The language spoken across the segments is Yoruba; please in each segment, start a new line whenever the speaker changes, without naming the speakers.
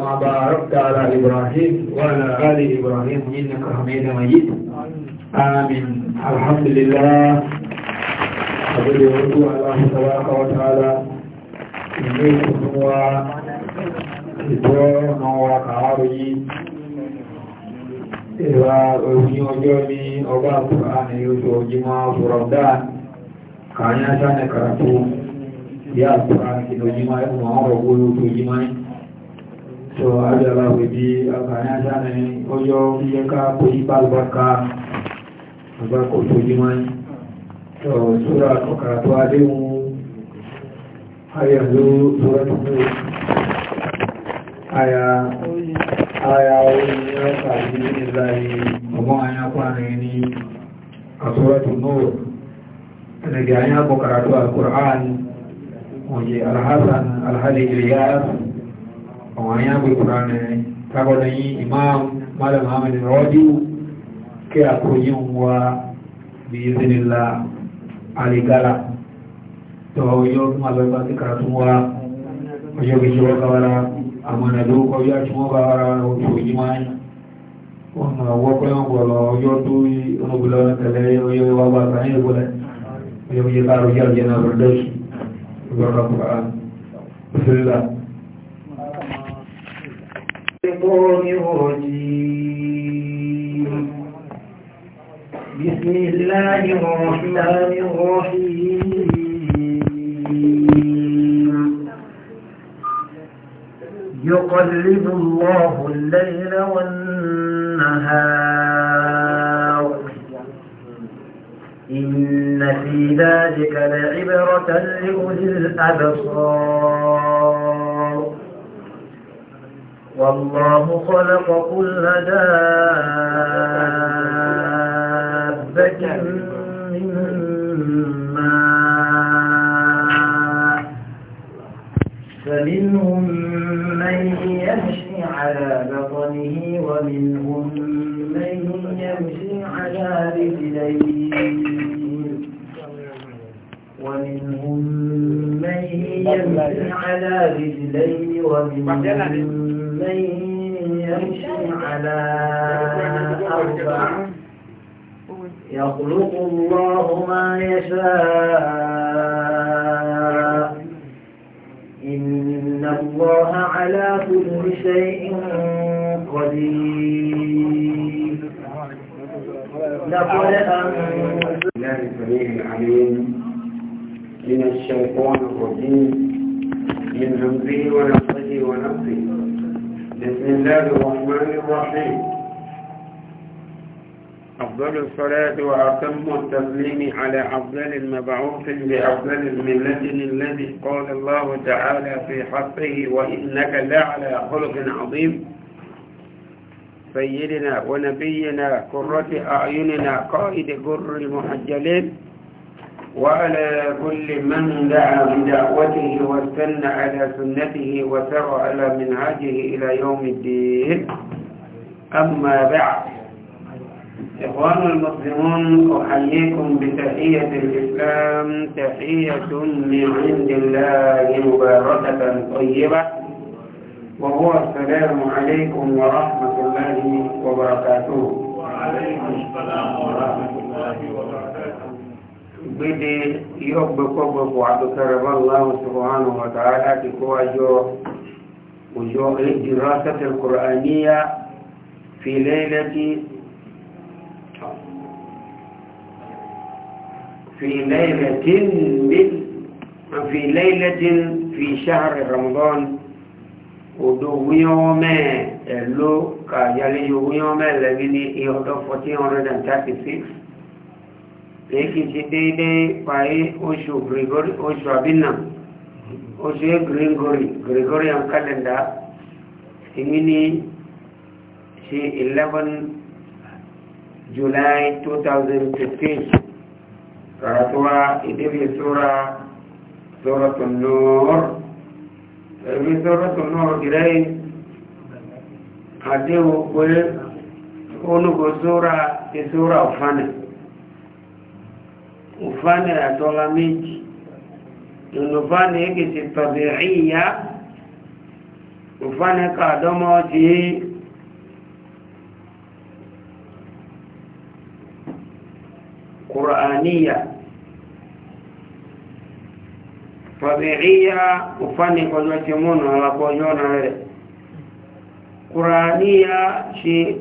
وباركت على إبراهيم وعلى آل إبراهيم إنك حميد مجيد آمين الحمد لله أبدي وركو الله تبارك وتعالى إنه هو إدوار نورك عربي إذا أرسلوا جوني أبا القرآن يوتو جمع فردان كان يسانك رفو يا القرآن كنو جمع يوتو جمع يوتو to ajala we bi akanya jane oyo iye ka ko ibal baka agba ko to jimai to sura ko ka to ade mu aya lu sura to mu aya aya ni o ka bi ni lai ọmọ aya kwa ni ni asura to mu ẹnẹgẹ aya ko karatu àwọn ya mai ƙuranin kagonan yi imam malam hamadin rodiyu ke a koyin wa biyu zinila aligara to yau kuma zaba su karatun wa oyo bi ṣe wọ́n kawara àwọn ẹ̀dọ́ ọjọ́ àti wọ́n kawara oṣù yìí máa ń wọ́n máa wọ́pọ̀ ẹ̀wọ̀n gbọ́lọ̀ ọjọ́ tó ọmọbìnrin ọ̀nà tẹ̀lé oyo wa bá ta ní ìgbọ́lẹ̀ oyo bi ṣe káàrọ̀ yà jẹ́ náà rẹ̀ dọ́sù ìgbọ́lọ̀ kura bisimilah
الشيطان الرجيم بسم الله الرحمن الرحيم يقلب الله الليل والنهار إن في ذلك لعبرة لأولي الأبصار والله خلق كل دار على أربع
يخلق
الله ما يشاء إن الله على كل شيء قدير لقد أنزل الله
من الشيطان الرجيم الله الرحمن الرحيم أفضل الصلاة وأتم التسليم على أفضل المبعوث بأفضل الملة الذي قال الله تعالى في حقه وإنك لعلى خلق عظيم سيدنا ونبينا قرة أعيننا قائد قر المحجلين وعلى كل من دعا بدعوته واستنى على سنته وسر على منهاجه إلى يوم الدين أما بعد إخوان المسلمون أحييكم بتحية الإسلام تحية من عند الله مباركة طيبة وهو السلام
عليكم ورحمة الله وبركاته وعليكم السلام ورحمة الله وبركاته gbede irọ́ gbẹ́kọ́gbẹ́kọ́
àtúkẹrẹbá láwọn sọ̀rọ̀ wà tààrà ti kó àjọ òjò ìdìrọ́ sẹ́tẹ̀l kùránìyà fi lẹ́lẹ́ tí في ليلة من في ليلة في شهر رمضان ودو يوم اللو كاجالي يوم لغني يوم 1436 èyí ti déédé parí oṣù gregori oṣù abinna oṣù gregori gregorian calendar èyí ni ṣe 11 july 2015 karatuwa ìdíbi sóra sóratun nọ́ọ̀rọ̀ ẹ̀rí sóratun nọ́ọ̀rọ̀ gírẹ́ àdéhùn pé ó nùgbò sóra ti sóra ọ̀fánà nufane yatola meji nufane yake si tabiia nufane kadomo ti qur'aniya tabiia ufane kojo munu ala kojo qur'aniya shi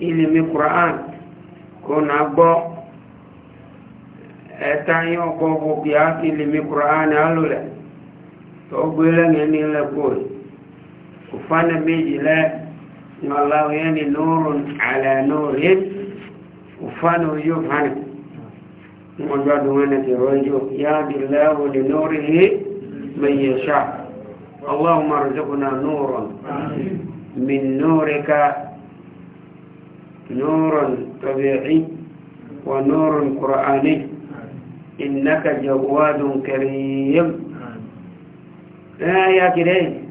ilimi qur'an kuna ẹta yẹn ọkọ ọkọ kì á kí lèmi kuraani alólẹ tó gbé lẹ́yìn ní lẹ́kọ̀ọ́ yìí kò fana méjì lẹ́ nọláwó yẹn ni nùrù àlẹ́ nùrù yẹn kò fana ojú fana wọn bá dùn wọn ti rọjò yá di lẹ́wọ̀ di nùrù yìí mẹyẹ sá اللهم ارزقنا نورا من نورك نورا طبيعي ونور قرآني innaka jawadun karim ya kire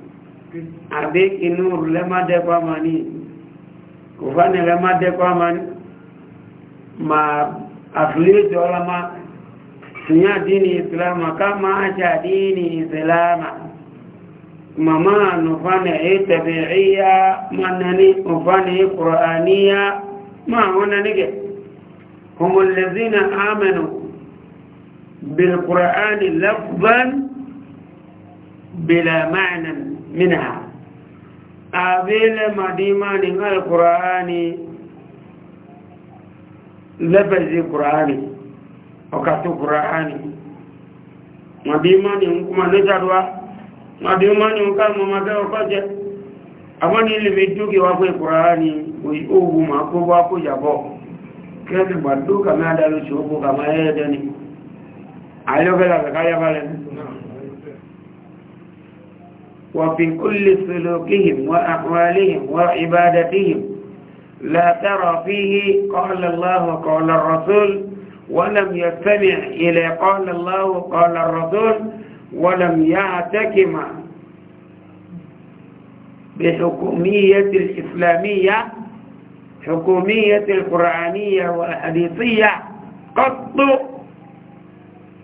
abe inur lemade kwa mani kufanya lemade kwa mani ma aflito lama tunya dini islama kama acha dini islama mama nufane itabiia manani ufane qur'ania ma wana nige هم الذين آمنوا بالقرآن لفظا بلا معنى منها أبيل ما ديمان القرآن لفظ القرآن وكتو القرآن مديما نكما نجدوا ما ديمان مدعو قجة àwọn ilé mi dúkì wá pé kùránì òògùn ma kó wá kó yàbọ̀ kí ẹ́ ti gbàdúkà mẹ́ adálóṣù وفي كل سلوكهم وأحوالهم وعبادتهم لا ترى فيه قال الله وقال الرسول ولم يستمع إلى قال الله وقال الرسول ولم يعتكم بحكومية الإسلامية حكومية القرآنية والحديثية قط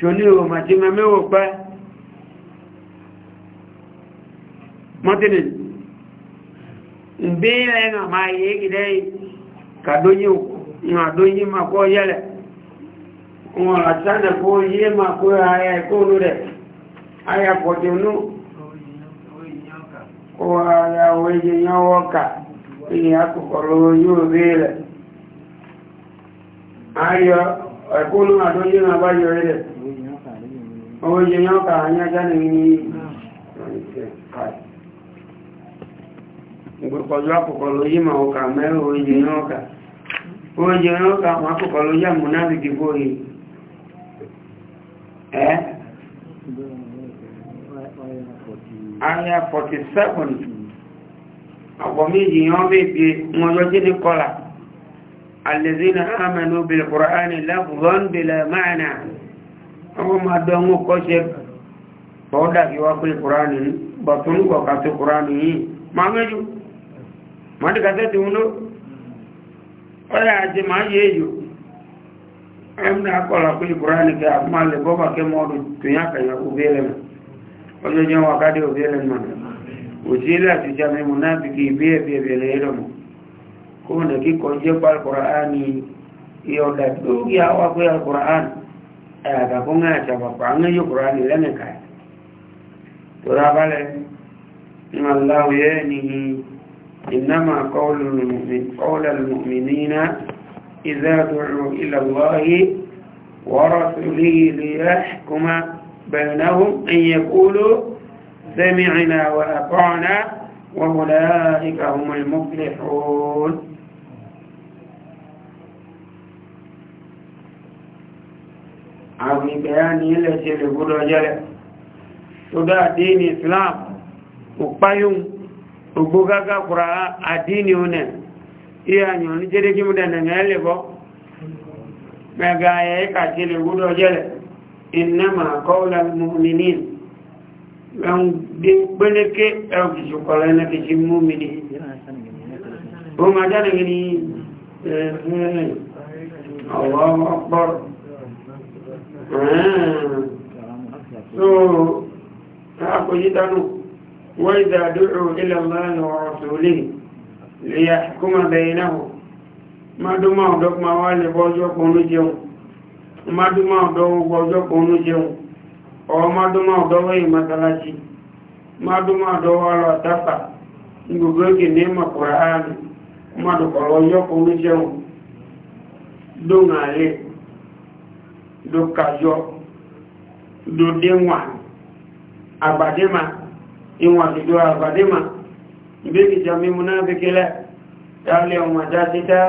ṣòní o ma ti ma mẹ́wọ̀ pẹ́ mọ́tínì bí ẹ̀nà máa yìí gidẹ́ kàdóyí ìwọ̀n ma kọ́ yẹ́lẹ̀ wọn àtàdà kó yé ma kó ayá ìkóòrò rẹ̀ ayá pọ̀tínú kó ayá òye yán wọ́kà ma bá yọ owó yẹ yán ka àyá jáde ní ìgbẹ̀kọ̀jọ́ àkọ́kọ́ ló yí ma ọkà mẹ́rin owó yẹ yán ọkà owó yẹ yán ọkà àwọn àkọ́kọ́ ló yà múná fìdí bóyí ẹ́ àyá 47 ọ̀pọ̀ méjì yán bèbè wọn lọ الذين آمنوا بالقرآن لفظا بلا معنى àwọn máa dán wọn kọ́ṣẹ́ bọ́ dàbí wá pé kùránì ní bàtún ní kọ̀ọ̀ká tó kùránì yìí máa mẹ́jọ máa dìkà tẹ́tì wọn ló ọ̀rẹ́ àti máa yé èyò ẹ̀mdà akọ́lá pé kùránì kẹ́ àkúmà lè bọ́ bàkẹ́ mọ́ọ̀dù tìyàn kẹ̀yàn kú bí ẹlẹ́mà ọjọ́ jẹ́ wọn kádé òbí ẹlẹ́mà òsì ilé àti jami mu náà fi kì í bí ẹ̀bí tó yà wá pé àtàkùnrin àtàbàpà ń yóò kúrò ní lẹ́nìkà tó rábálẹ̀ ní aláwòyẹ́ ni ìnáma kọ́ọ̀lẹ̀lùmìnira ìzẹ́dùrù ìlàlọ́yí wọ́rọ̀sùlẹ̀ ilẹ̀ kúmá bẹ̀rẹ̀náwó ẹ̀yẹ kúló sẹ́mìnà wà àpọ́ọ̀nà wọ́n mọ̀lá àwọn ìgbẹ̀yà ní ilẹ̀ ṣe lè gbọ́dọ̀ jẹ́rẹ̀ tó dá àdínì islam òpáyún ògbógágá kùrà àdínì onẹ̀ ìyàyàn ní jẹ́dẹ́ kí múdẹ̀ nà ẹ̀lẹ̀ bọ́ mẹ́ga ayẹ́ kàṣe lè gbọ́dọ̀ jẹ́rẹ̀ ìnẹ́mà kọ́ọ̀lá mọ́mìnì wọ́n dé gbẹ́lẹ́ké ẹ̀kìṣùkọ̀lẹ́ náà kìí mọ́mìnì ó máa jáde gini
Allahu Mm. so
káàkó yí dánú wọ́n ìdá dúró ilẹ̀ lọ́nà ọ̀rọ̀ sólè lè yà kúmọ̀ bẹ̀yìn náà mádùmá ọ̀dọ́ kuma wá lè bọ́jọ́ kọ̀ọ̀nù jẹun mádùmá ọ̀dọ́ bọ́jọ́ kọ̀ọ̀nù jẹun ọ̀ mádùmá ọ̀dọ́ wẹ̀yìn mọ́tàlájì mádùmá ọ̀dọ́ wà lọ àtàfà gbogbo ló kàjọ ló déwọ̀n àgbàdémà ìwọ̀n àdìdó àgbàdémà ìbékìjà mímú náà bíkílẹ̀ tààlẹ̀ ọmọ dájídá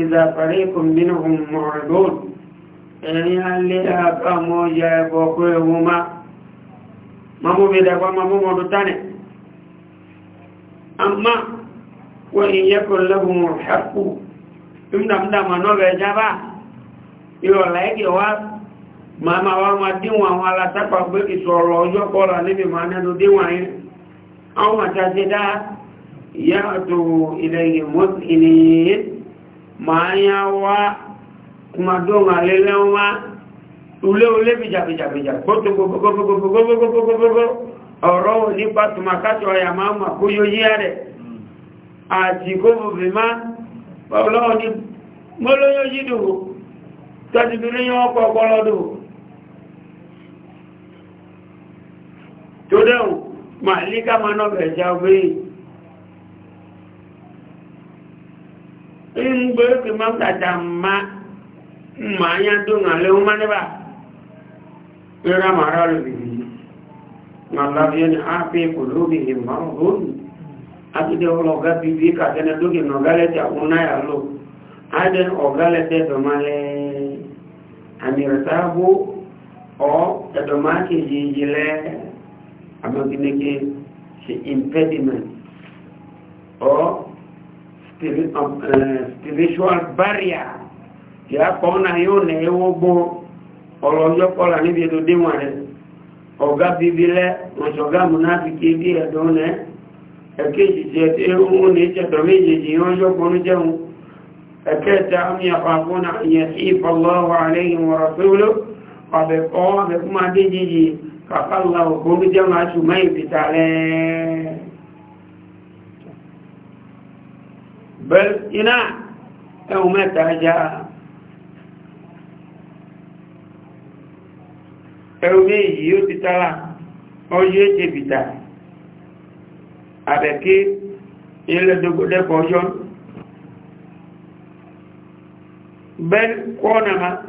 ìzàfàrí kùnbínú mọ̀rọ̀dún ẹ̀rin alẹ́ àkàmọ́ ya ẹbọ̀ pé ewu má mamú mi dàgbà mamú mọ̀dún tánẹ̀ àmá wọ́n ìyẹ́kùn lẹ́bùn mọ̀rọ̀ ìrọ̀lá ẹ̀kẹ́ wá máa wá máa díwọ̀n àwọn alásápà pé ìṣọ̀rọ̀ ọjọ́ kọ́ra níbi máa nẹ́nu díwọ̀n yẹn àwọn àtàṣe dá ìyá àtò ilẹ̀ ìnìyàn máa yá wá kùmàdóhùn alẹ́lẹ́ wá ulé ulé bìjàbìjàbìjà kótó gbogbogbogbogbogbogbogbogbogbogbò ọ̀rọ̀ nípa tùmàkátọ̀ ọ̀yà máa mà kó yóò yí rẹ̀ àti kó bùbì má ọlọ́run ní mọ́lóyún yídùn tọ́júbìrí yán ọkọ̀ ọpọlọ́dọ̀ tó dẹ̀wò ma líká ma náà bẹ̀ẹ̀já obìnrin gbé ma tàtà ma ma yá tó nà léwu má níbà ìrà ma lábíyẹ ni a fi kò lóbi ìmọ̀ òhùn àti dẹ̀wọ̀lọ̀ ọ̀gá bíbí kàtẹ́nẹ́ lókè nà ọ̀gá àwọn náà yà ọ̀gá anirtabu or tadomaki jinjile amagineke she impediment or spirit, um, uh, spiritual barrier tí a kọ́ náà yóò nà ẹwọ́ gbó ọlọ́jọ́ kọ́lá níbi ètò déwọ̀n rẹ̀ ọ̀gá bíbí lẹ́ ọ̀ṣọ̀gá múnáfíkì bí ẹ̀dọ́ náà ẹ̀kéjì jẹ́ tí ó ń ní ìjẹ̀dọ̀ méjèèjì yọ́n yọ́kùnrin jẹun أكاد أم يخافون أن يحيف الله عليهم ورسوله قد قام بكما ديجي فقال الله كل جمع شمي بتعالى بل إنا أو متى جاء أو ميجي يتتلا أو يتبتا أبكي إلا دقودك وجون بل كونها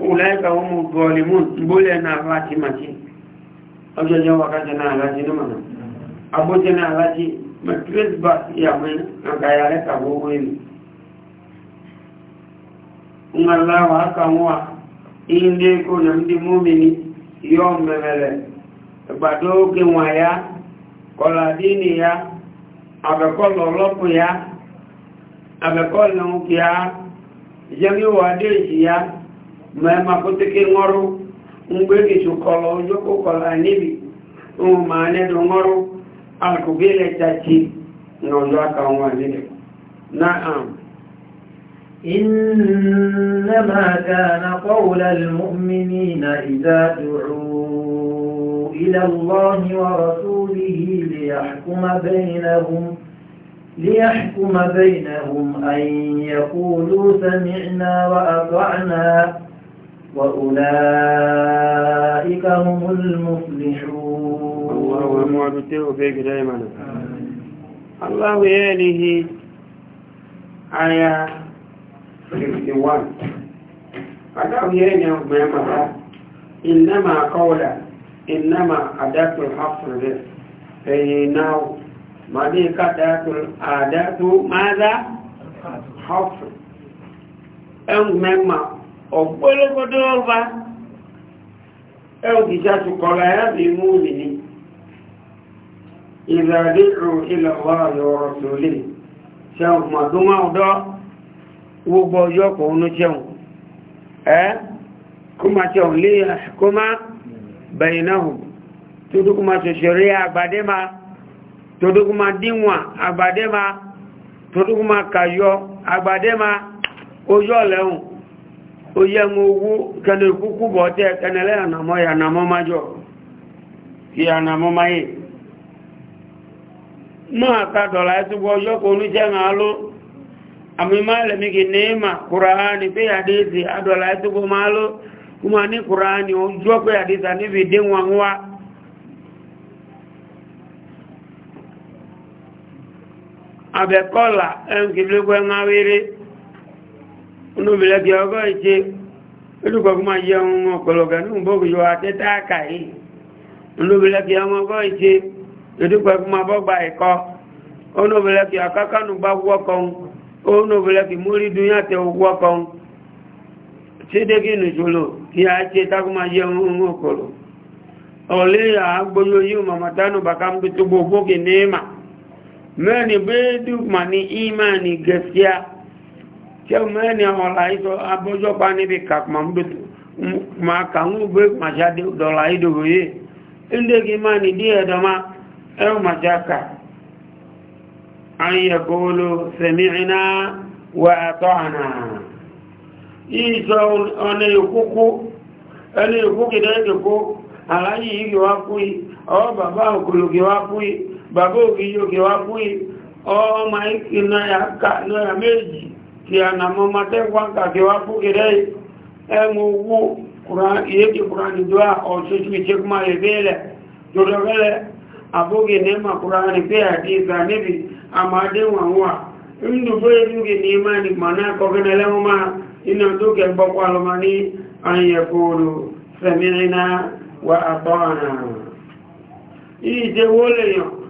أولئك هم الظالمون بولنا فاتمة أجل جوابنا على جنمنا أبوتنا على جنمنا matris ba iya mai an kaya reka gogo ne in Allah wa haka muwa in dai ko na ndi mumini yon memele gbado oge nwa ya ya abekọlọ ọlọpụ ya ya ìjẹ́mi wà dé ìjìyà mẹ́ma kútíkí ńọ́rú ńgbé kìtù kọlọ ojókó kọlọ níbi ohun máa nẹ́dùn ńọ́rú alùkùbílẹ̀ jàjì nọ̀lọ́ àkàwọn na náà
إنما كان قول المؤمنين إذا دعوا إلى الله ورسوله ليحكم بينهم ليحكم بينهم أن يقولوا سمعنا وأطعنا وأولئك هم المفلحون الله
ومعبته فيك دائما الله ياليه آية 51 فقال ياليه إنما قولا إنما أداة الحصر this. Hey, ماضي قطعة العادة ماذا حفظ ẹ̀hùn mẹ́mà ọ̀pọ̀lọpọ̀dọ́ ọba ẹ̀hùn ti ṣàtùkọ̀lá ẹ̀bí mú mi ní ìrẹ̀lẹ́rù ìlọ̀wọ́ ọ̀rọ̀ tòlè ṣẹun mọ̀dúnmọ́ ọ̀dọ́ gbogbo ọjọ́ kò ń ṣẹun ẹ́ kó máa ṣẹun lé toduguma dinwa agbadema toduguma kayo agbadema oyo lehun oye mu owu kene kuku bo te kene le anamo ya anamo majo ki anamo maye ma ka dola esu bo yo ko ni je ngalo ami ma le mi ki neema qur'ani pe hadithi adola esu bo malo kuma ni qur'ani ojo pe hadithi ni bi abẹ́kọ́là ẹnkìlógún ẹ̀ngá wéré onóbìlẹ́gì ọgọ́ ìṣe olùkọ́kọ́ máa yẹ ohun ọ̀pọ̀lọpọ̀ ní ìbò òjò àtẹ́tà kàí onóbìlẹ́gì ọgọ́ ìṣe olùkọ́kọ́ máa bọ́gba ẹ̀kọ́ onóbìlẹ́gì akákànù bá wọ́kọ́ onóbìlẹ́gì mórí dunyá tẹ wọ́kọ́ sídégì nìṣòlò kí a ṣe bàkà ń tó gbogbo kì ní ìmà mẹ́ni bẹ́ẹ̀dù ma ní ìmáni gẹ̀ẹ́síá tí ó mẹ́ni ọ̀la ìtọ́ abójọ́pá níbi kàkùnmọ̀ gbé màṣáde dọ̀la ìdòwò yìí ìdẹ́gì má ní dí ẹ̀dọ́má ẹ̀rù màṣáka ayẹ̀kọ́lò sẹ̀mìrìnà wà àtọ́ àná ìṣọ́ ọ̀nà ìkókó ẹni ìkókèdè ìkó àláyé ìgbèwá fúi ọ bàbá òkòlògbèwá fúi bàbá òkè yóò kí wá fún ọmọ ìkì náà méjì kí ànàmọ́ matẹ́kwá kàkí wá fún kìrẹ́ ẹmọ owó ìyẹ́kì kùránì jọ ọ̀ṣọ́ṣù ìṣẹ́kùnmá ìbẹ́ẹ̀lẹ̀ jọdọ̀gẹ́lẹ̀ àbókè nẹ́mà kùránì pé àti ìgbà níbi àmàdéwọ̀n wà ndùgbò ìdúgè ní ìmá ní mọ̀nà kọkànlẹ́wọ́n máa iná tó kẹ́ gbọ́kọ́ alọ́mọ ní àyẹ̀kòrò sẹ̀mìnà wà àtọ́ àrà ìjẹ́wó lèyàn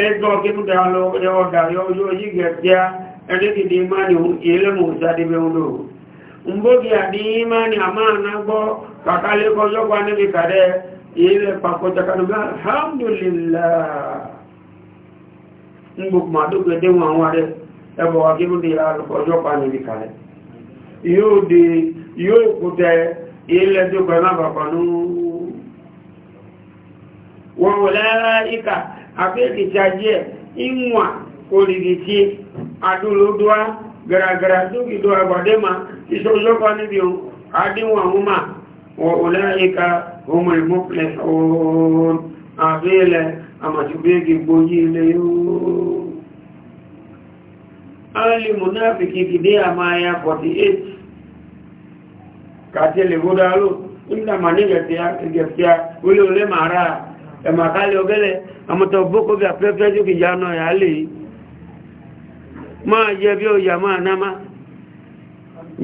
ẹjọ́ kíkúta ọ̀dà yọjú ojú gẹ̀ẹ́gẹ́ ẹlẹ́gìdì ìmáni ilẹ̀mù ìsádìbẹ̀ olóò mbógi àdí ìmáni àmáàna gbọ́ kàkálẹ́kọjọ́ pa níbi kàrẹ ilẹ̀ pàkọjàkanùgbà alhamdulillah yóò dé yóò kúta ilẹ̀ tó pẹ̀lú àbàbà náà wọ́n wọ́n lẹ́rẹ́ ìkà akekechajie ịnwa oligiti adụlụdua gara-gara dugidua gbadema isozọkanibio le ụlọika ụmụmụple abịle amatubegi gboyile alimunafiki amaya 48 katiligodalo inda manigatia gatia mara ẹ̀mà kálẹ̀ ọgẹ́lẹ̀ àmọ́tọ̀ bókó bí afẹ́fẹ́ jókè ya náà yà lè máa jẹ bí ó yà máa náà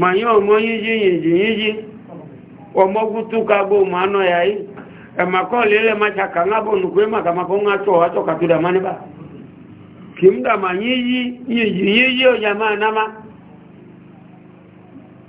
ma yán ọmọ yíjí yìí yíjí ọmọgún túká gbó ma náà yà yìí ẹ̀mà kọ́ lélẹ̀ máa ṣàkà ńlábọ̀ nùkú ẹ̀mà kàmà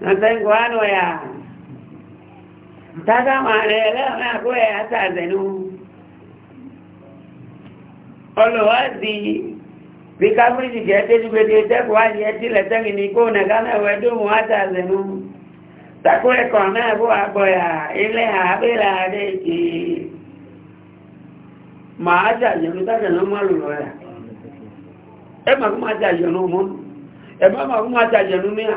nasangu ano ya tata maanaelewa nakuwe hata zenu olowazi vikamriji jetejubetietekuwaji etiletengi nikunekana wedumu hata zenu takule konabu aboya ile habila na maacha zenu tateno maluloya emakumaacha zenu munu emakumacha zenu nia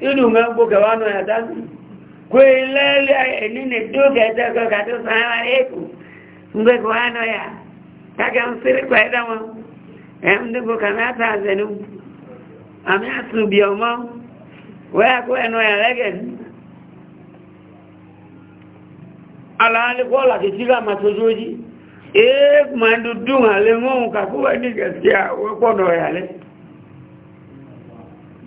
inu ngambo gawano ya dhambi kwelele nini duka itako katu salamu alaikum mbe kuhano ya kaka msiri kwa e, kamata azenu ya legen alaali kola kichika matojoji ee mandudunga lengongu kakuwa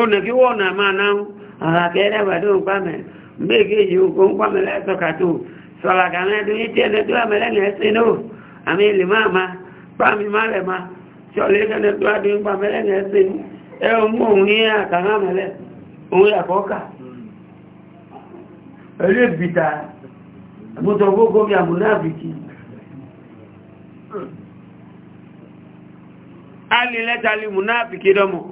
onegi wọ́n na máa náà àgbẹ̀rẹ̀ wẹ̀dùn gbàmẹ̀ mbẹ́gẹ́ yìí ogun gbàmẹ̀ lẹ́sọ̀kàtò sọ̀làkà mẹ́dùn yìí tiẹ̀ lẹ́dùn àmẹ́lẹ́ a ẹ̀sìn náà àmì ìlì máa ma ma ní ẹ̀sìn ẹ mú òun yẹ àkàrà ka òun bita mi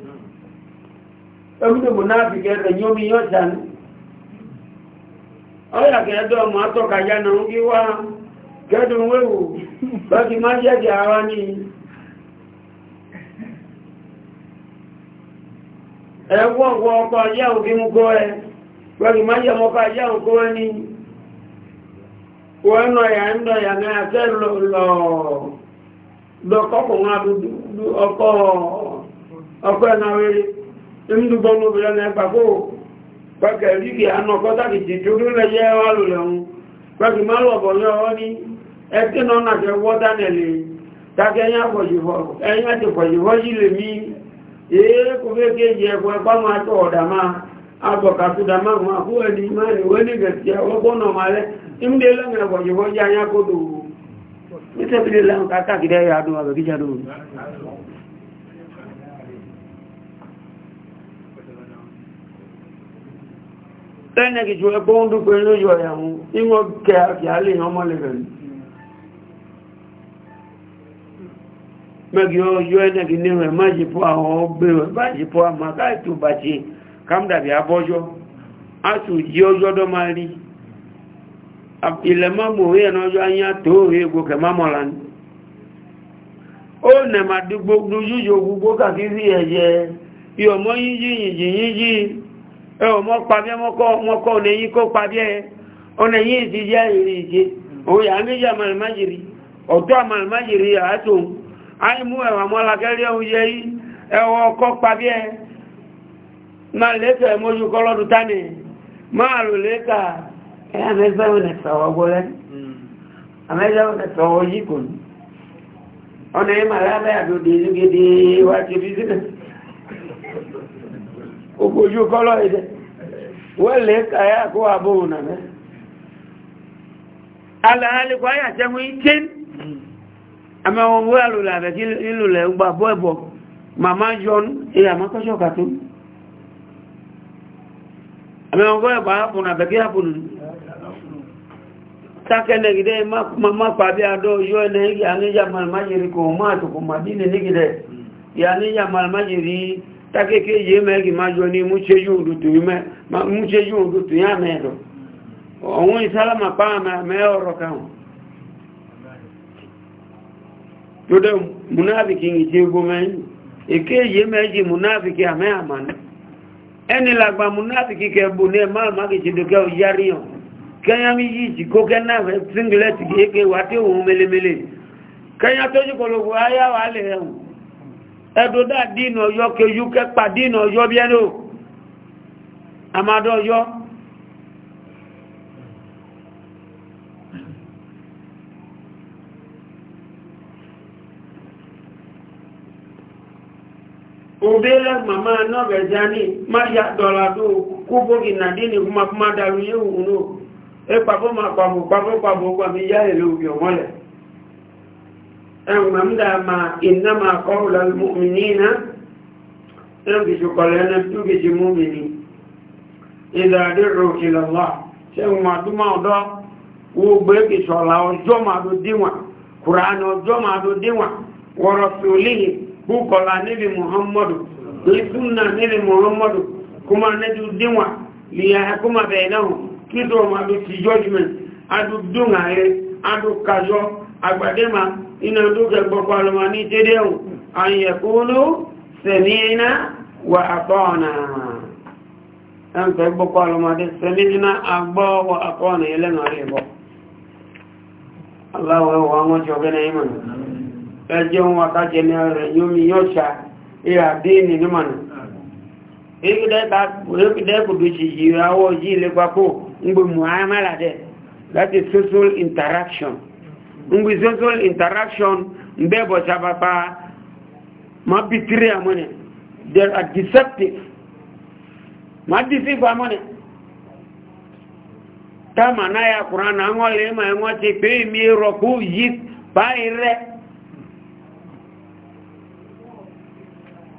ẹgbẹ́ mọ̀náàfikẹ́ rẹ̀ yóò mi yọ́ jàní ọ́yà kẹ́ẹ̀dọ́ ọmọ atọ́ka ya na ń gíwá kẹ́ẹ̀dùn wéwò báki má jẹ́jẹ́ ara ní ẹwọ́ ọgbọ́ ọkọ̀ ayá òkè mú kọ́ ẹ báki má jẹ́ mọ́kọ̀ ayá òkọ́ ẹ ní wọ́n nọ ya ń dọ̀ ya náà fẹ́ lọ lọ́kọ́kùnrin ọkọ̀ ẹ̀nà ndúgbọ́n ló na ní ẹgbà kó pẹ́kẹ̀ ríkì àánà kọ́tàkì tí tó rí rẹ̀ yẹ́ wà lò lẹ́hun pẹ́kì má lọ̀bọ̀ yọ ọ́ ní ẹtí náà nà jẹ́ wọ́dá nẹ̀lẹ̀ tàkẹ́ ẹ̀yà ti ihe sí lè mí èé kò fẹ́ ẹ̀kọ́ máa ọ̀dà máa tó dà máa máa náà máa lẹ́ tẹ́nẹ̀ kìí ju ẹgbọ́ ń dúpẹ́ lójú ọ̀yàwó ìwọ̀n kẹ́àkìá lè yàn mọ́lẹ̀ rẹ̀ mẹ́gì ọjọ́ ẹnẹ́gì ní rẹ̀ má jìpó àwọn ọgbẹ́ rẹ̀ bá jìpó àmà káàtù bàtí kámdàbí abọ́jọ́ a tù jí ọjọ́ dọ́ máa rí ilẹ̀ má mòrí ẹ̀nà ọjọ́ ayá tó ẹ ò mọ́ pàbíẹ́ mọ́kọ́ onẹ̀yìn kó pàbíẹ́ onẹ̀yìn ti jẹ́ ìrì ìṣe òun yà méjì àmàlùmájìrì ọ̀tọ́ àmàlùmájìrì àátò àìmú ẹ̀wà mọ́lákẹ́rí ẹ̀hún yẹ yí ẹwọ ọkọ́ pàbíẹ́ máa lẹ́tọ̀ ẹ̀mọ́jú kọ́lọ́dún tánì máa lò lẹ́tà ẹ̀ àmẹ́sẹ̀wọ̀n ẹ̀sọ̀wọ̀ gbọ́lẹ́ àmẹ́sẹ̀wọ̀n ẹ̀sọ̀wọ̀ yìí kò ní ọ̀nà ẹ̀mà lábẹ́ àdòdè wọ́lẹ̀ káyà kó àbóhùn nà mẹ́ alàálẹ́kọ̀ ayà tẹ́wọ́n ìtẹ́ àmà wọn wọ́n alùlẹ̀ àbẹ̀kí ìlùlẹ̀ gbà bọ́ ẹ̀bọ̀ màmá john ìyà mọ́kọ́ṣọ́ kàtó àmà wọn wọ́n ẹ̀bọ̀ àpùn àbẹ̀kí àpùn sákẹ́nẹ̀gidẹ́ màmá pàbí adó yọ ẹ̀nẹ́ ìyà níjà màlmájèrè kò máa tòkò màdínẹ̀ nígidẹ̀ ìyà takeke ye mɛ kì máa jọ ní múṣe yóò dùtù mẹ múṣe yóò dùtù yá mẹ lọ ọ̀hún ìsálámà pa mẹ ọ̀rọ̀ káwọn tó dẹ múnáfìkì yìí tí egbó mẹ́yìn èké ye mẹ́ jì múnáfìkì àmẹ́ àmàna ẹni làgbà múnáfìkì kẹbù ní ẹ máa má kì í ṣe dókẹ́ òyárí hàn kẹ́yàmí yìí jì kó kẹ́ lè hẹ̀wọ̀n ẹ̀dọ́dá dínà ọyọ́ kejú kẹ́pà dínà ọyọ́ bí ẹ̀rọ àmàdọ́ ọyọ́ òbílẹ̀ màmá náà rẹ̀já ní má yá dọ̀là tó kúbógi nàdínì kúmakúmá darú yíò hùn náà ẹ pàbọ́ ma pàbọ̀ pàbọ̀ pàbọ̀ pàbọ̀ yá èrè òbí ọ̀wọ́lẹ̀ ẹ̀wọ̀n ń dáa máa iná máa kọ́ ọ̀lọ́lùmọ́mí ní iná ẹ̀rùn-ún kọ̀lẹ̀ ẹ̀nà túnkèjì múmi ni ìdàdérò ìlọ́lá ṣẹ́wọ̀n àdúmọ̀ ọ̀dọ́ gbogbo ìṣọ̀lá ọjọ́ máa tó díwọ̀n kùránì ọjọ́ máa tó díwọ̀n wọ̀rọ̀ fìolíhì kúkọ̀lá níbi muhammadu lẹ́túnà muhammadu àgbàdémà iná dúkẹ gbọ́pọ̀ alùmọ̀ ní tẹ́dẹ̀wò àyẹ̀kúnú sẹ̀míná wà àtọ́ọ̀nà ẹnkẹ́ na alùmọ̀ ní sẹ̀míná àgbọ́ wà àtọ́ọ̀nà ẹlẹ́nà rẹ̀ bọ́ aláwọ̀ ẹwà wọn jọ gẹ́nà ìmọ̀ ẹjẹ́ wọn wákàjẹ ní ọ̀rẹ̀ yómi yóò ṣá ìhà díìnì nímọ̀ That is social interaction. ngwi social interaction mbebo chabapa mabitire amone they are deceptive madisifu amone tama na ya qur'an ngole ma ngoti pe mi roku yit baire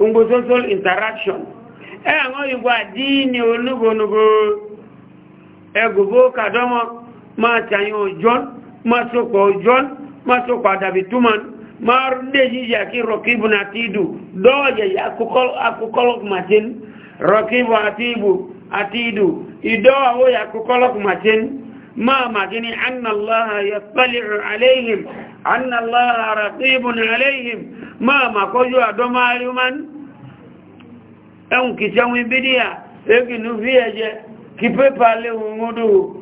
ngwi social interaction e ango yugwa dini onugo nugo egubo kadomo ma chanyo john ma soko john ma soko adabi tuman ma deji ya ki rokibu na tidu doje ya kukol akukolok matin rokibu atibu atidu idoa wo ya kukolok matin ما مجني أن الله يطلع عليهم أن الله رقيب عليهم ما ما كجوا دوما يومن أن كتاوي بديا لكن فيها كيف بالي ومدو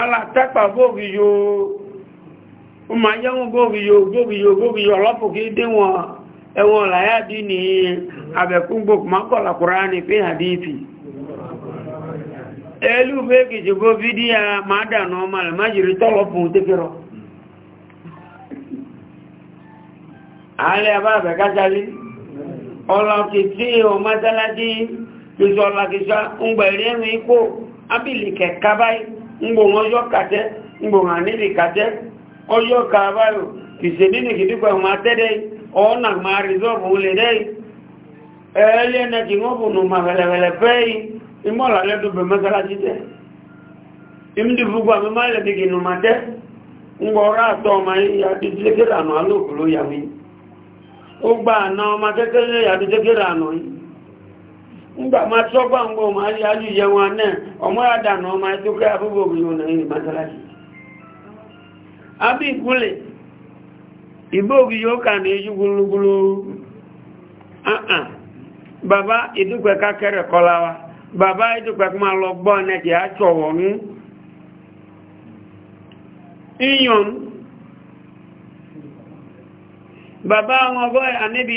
alatakpa gbóògì yóò ó máa yẹ́wọ́n gbóògì yóò gbóògì yóò gbóògì yóò ọlọ́pù kí dé wọn ẹ̀wọ̀n làyà dí ní abẹ̀kún gbòkù máa kọ̀ ní pé àdífì ẹlú bẹ́ẹ̀ kìjìgbó fídíà máa dànù ọmọ rẹ̀ má jìrì tọ́lọ́pù tẹ́kẹ̀rọ alẹ́ abáàbẹ̀ ngbòhùn ọjọ́ kàtẹ́ ngbòhùn àníbì kàtẹ́ ọjọ́ kàbáyò ìṣèdínì kìdípẹ̀ ọmọ atẹ́dẹ́ ọ̀nà máa rìsọ́ọ̀bù ń lè dẹ́yì ẹ̀ẹ́lẹ́ ẹ̀nà kì wọ́n bù nù fẹ́ yìí ìmọ̀lá lẹ́dùbẹ̀ mẹ́sàlájì ngba ma tọgba mgbe ma ya ju je wọn náà na ọmọ ẹtùkẹ́ àbúgbò bí na ní masalasi abí ìkúlẹ̀ ìgbóògì yóò kà ní ijú gúlúgúlú ahàn lọ gbọ́ ẹnẹ́kì àtọ̀wọ̀ ní ìyọ̀n bàbá baba ọgọ́ àníbi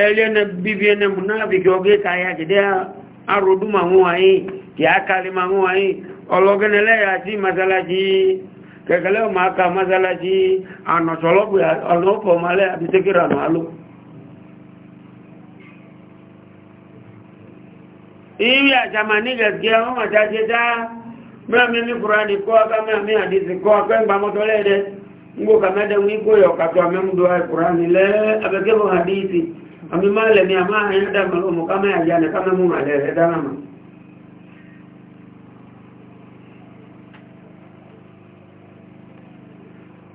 ẹlẹ́nà bíbí ẹnẹ múnáàbìkì ọgẹ́ káyà jẹ́dẹ́ àròdúmà wọn wáyé kì á kálímà wọn wáyé ọlọ́gẹ́nẹ́ lẹ́yà sí masalasi kẹ̀kẹ́lẹ́ ọmọ aka masalasi ànàtọ̀lọ́pù ọlọ́pọ̀ malẹ́ àbísẹ́kẹ́rẹ́ àná aló ìyí àjàmà ní gẹ̀gẹ́ ọmọ àjájẹ dá mẹ́mí ní kùránì kọ́ ọgá mẹ́mí àdìsí kọ́ ọgá ìgbàmọ́tọ́lẹ́ẹ̀dẹ́ ń gbó kàmẹ́dẹ́ ń gbó yọ̀ kàtọ́ àmẹ́múdọ́ kùránì lẹ́ abẹ́kẹ́bọ̀ àdìsí ami malami ama ayada malumu kama ya jana kama mu malere dalama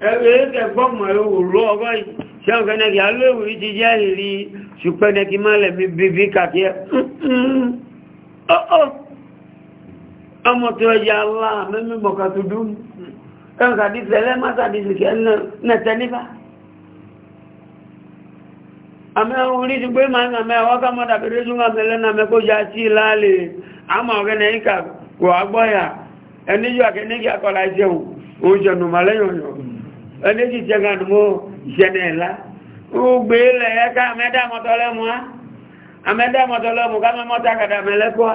ẹ̀rẹ́ ẹ̀kẹ́ gbọ́mọ̀ òwúrọ̀ ọgọ́ ìṣẹ́ǹkẹ́nẹ́kì alóòwúrí ti jẹ́ ìrí ṣùpẹ́nẹ́kì mọ́lẹ̀ mi bíbí kàkí ẹ̀ ọmọ tó ẹjẹ́ aláà mẹ́mí mọ̀kàtúdú ẹ̀ǹkà dìsẹ̀lẹ́ mátàdìsìkẹ́ nẹ́tẹ́ nífà ameulizi kwema amewaka madakirizu ngamelena amekoja asilale ama ogeneika kuaboya enijo akeniki akola jeu ujo numaleyoyo eniji chenganu mo jenela ugbele eka ameda motolemu ameda motolemu kama mota kadamelekwa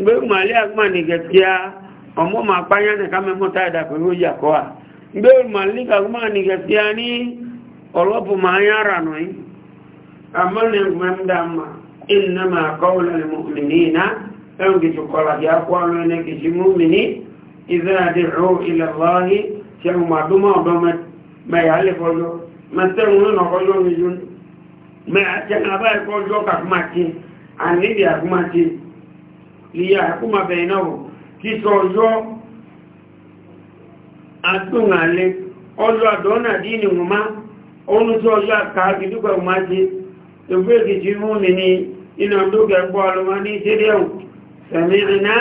gbé màálí àgbà ní gẹ̀ẹ́gẹ́ ya bẹ́ẹ̀ màlíkà kó máa nìkẹ̀ tí a ní ọlọ́pù máa ń yára nù yí àmọ́lẹ̀ mẹ́ndàmà ìnàmà kọ́wọ́lẹ̀ mọ̀mìnì iná ẹ̀rùn kìí kọ́lá kí a kọ́ àwọn ẹni kìí mọ̀mìnì ìzáàdìrò ìlẹ̀lọ́hí tí a mọ̀ àdúmọ̀ ọ̀dọ́ mẹ́yàlẹ̀ kọjọ́ mẹ́tẹ̀rún náà kọjọ́ mi jù mẹ́ àtúnhàlẹ́ ọjọ́ àdọ́nà dínì wọ́n oúnú tí ọjọ́ àkàájì dúpẹ̀ wọ́n ti ìfẹ́ ìkìtì mú mi ní iná dúkẹ́ pọ̀ alùmọ́ ní síríẹ̀wò sẹ̀mìnà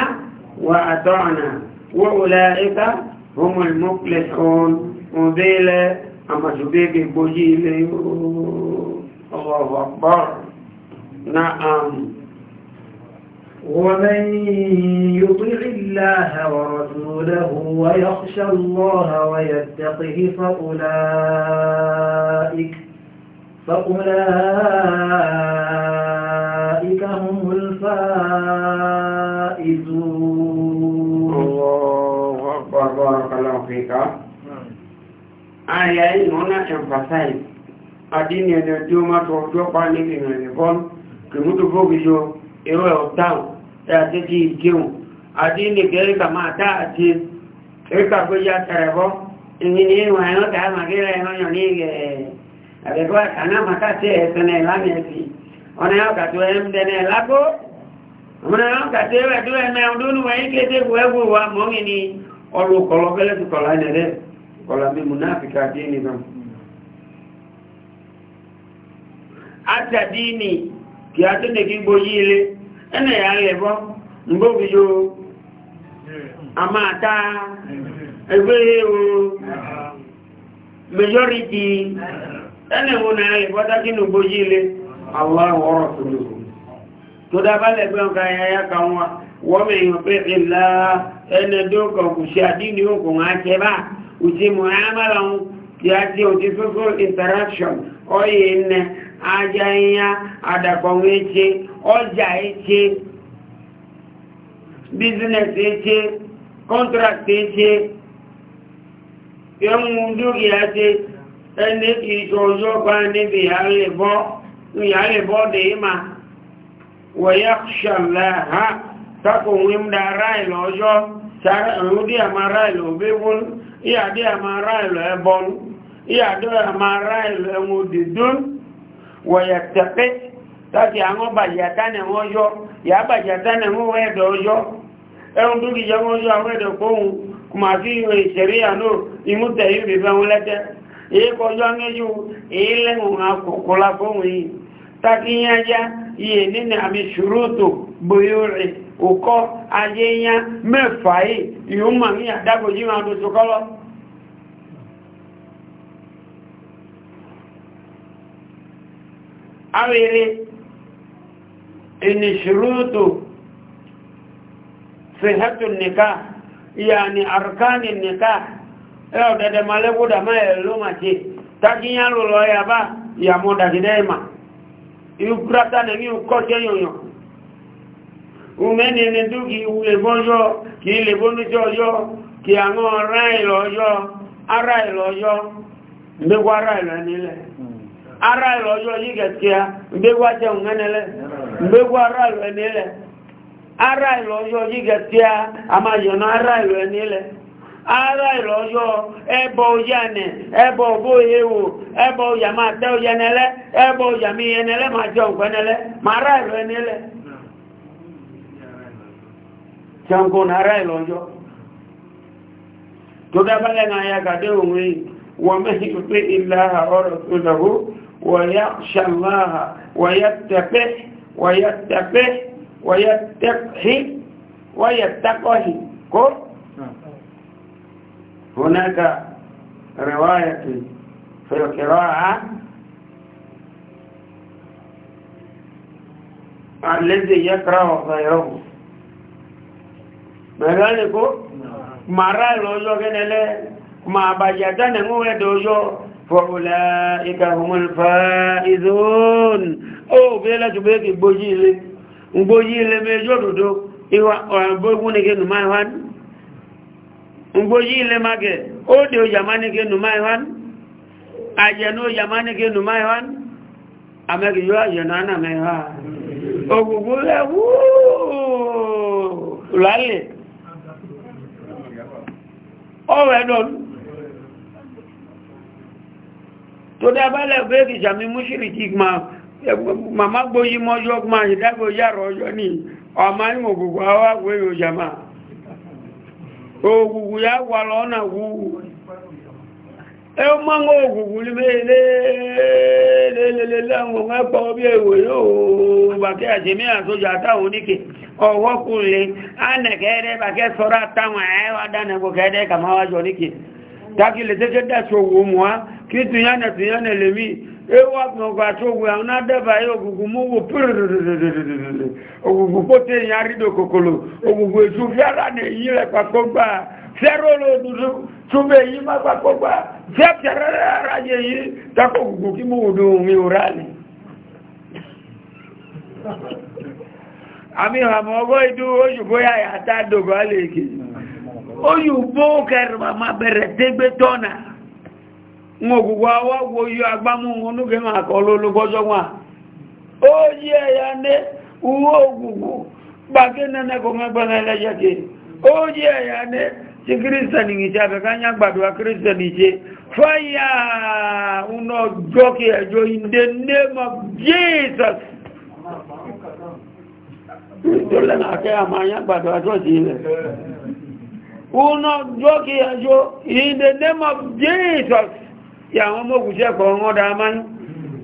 ومن يطع الله ورسوله ويخشى الله ويتقه فأولئك فأولئك هم الفائزون الله أكبر بارك الله فيك
آية هنا emphasize أدين يدوما توجو قاني في نيفون كنوتو جو إيرو يوتاو tàbí ti ìkéhùn àti nìkẹ́ ríkà máa táàtí ríkà pé yá tẹ̀rẹ̀bọ́ ìrìnì ìwọ̀n ẹ̀rọ tàà màgílẹ̀ ẹ̀rọ ní ẹ̀ àbẹ̀kọ́ àná màkà sí ẹ̀sẹ̀nẹ̀ lámì ẹ̀sì ọ̀nà ẹ̀rọ kàtó ẹ̀ ń dẹ̀nẹ̀ lágbó ọ̀nà ẹ̀rọ kàtó ẹ̀rọ tó ẹ̀ mẹ́rin tó nùwẹ̀ yí kété kú ẹ̀gbù wa mọ́mí ni ọlù kọlọ fẹ́lẹ́ ti kọlà ẹ̀ dẹ̀ kọlà mi mú náà fìkà ẹnẹ̀ yà lẹ́bọ́ ǹgbóbi yóò a máa ta o majority ẹnẹ̀ wọn náà lẹ́bọ́ tákínú gbójí ilé aláwọ̀ ọ̀rọ̀ tó lè tó dábá lẹ́gbẹ́ ọ̀gá yáyá kan wá wọ́n mẹ́yàn pé ìlà ẹnẹ̀ dókọ̀ kò ṣe àdínì òkùn àjẹ́ bá wọn ti interaction ajá ọjà eche bizinesi eche kọntrakt eche ẹ̀wọ̀n dúkìá ṣe ẹni ìṣọ̀ ọjọ́ pa níbi ìyálẹ̀bọ́ dèé ma wọ̀yá ṣàlàá dị ń da ráìlì ịlụ ẹ̀rù dí àmà ráìlì òbébún ìyàdí àmà ráìlì ẹbọn ìyàdí àmà ráìlì ẹ̀wọ̀n òdìdún wọ̀yà tẹ̀pẹ́ láti àwọn bàjìyàtá nẹ̀ wọ́n yọ́ ìyá bàjìyàtá nẹ̀ wọ́n wọ́n ẹ̀dọ̀ yọ́ ẹ̀rùn tó kìí jẹ́ wọ́n yọ́ àwọn ẹ̀dọ̀ kóhun kò máa fi ìwé ìṣẹ̀rí àánú ìmútẹ̀ yìí rí fẹ́wọn lẹ́tẹ́ èyí ihe إن شروط nikah. النكاح يعني أركان النكاح لو ده مالك ده ما يلوم شيء تاكي يالو لو يابا يا مودا كدايما يكرتا نمي وكوتي يونيو umeni ni duki ule bojo ki ile bonu jojo ki ango ara ilojo ara ilojo mbegwa ara ile nile ara ilojo yigetia mbegwa je le gbégbó ara ìlú ẹni lẹ ara ìlú ọjọ́ jígẹ̀ tí a a máa yọ̀nà ara ìlú ẹni lẹ ara ìlú ọjọ́ ẹbọ oyánẹ ẹbọ ògbó ewu ẹbọ oyàmá tẹ́ oyẹnẹlẹ ẹbọ oyàmí yẹnẹlẹ máa jẹ ògbẹ́nẹlẹ máa ara ìlú ẹni lẹ ṣàǹkó na ara ìlú ọjọ́ tó dábálẹ̀ ya gàdé òun yìí wọ́n mẹ́rin pé ìlà ọ̀rọ̀ tó ويتفه ويتقه ويتقه كم هناك رواية في القراءة الذي يقرأ غيره ماذا نقول؟ مرة لو يوجد لك ما بجدان نقول دوجو فأولئك هم الفائزون أو بلا تبيك بوجيل بوجيل ميجوردو إيوا بوجوني كنو ما يوان بوجيل ماكي أو ديو يماني كنو ما يوان أجنو يماني كنو ما يوان أمك يوا ينانا ما يوان أوغوغو لالي أو ودون tó dábálẹ̀ pé kì sàmì múṣìrìkì màmá gbóyí mọ́jọ́ máa ìdágbò yàrá ọjọ́ ní ọmọ ìmọ̀ ògùnkù àwọn àgbẹ̀ yóò jàmà ògùnkù yà wà lọ́nà wú ẹ mọ́ ń ògùnkù ní taki le tete da tso wo mu a ki tunyana le mi e wa gbọn gba tso wo àwọn adaba ye ogugu mu wo piririririri ogugu pote yan rido kokolo ogugu ara oyùbó kẹrìmà ma bẹ̀rẹ̀ dégbé tọ́nà ń ògùgbà wá wo yọ agbámú onúgẹ́ máa kọ lólúgbọ́jọ́ wọn ó yí ẹ̀yà ní uwó ògùgbò gbàgé nẹ́nẹ́ kò mẹ́gbọ́n ẹlẹ́yẹ kí ó yí ẹ̀yà ní tí kírísítẹ̀nì ìjẹ́ abẹ́ká ní àgbàdùwà kírísítẹ̀nì ìjẹ́ fáyà ọ̀nà ọjọ́ kí ẹjọ́ in the name of Jesus tó lẹ́nà akẹ́ àmà àyàgbàdùwà tó sí ilẹ̀ will not joke ajo in the name of jesus ya won mo guje ko won da man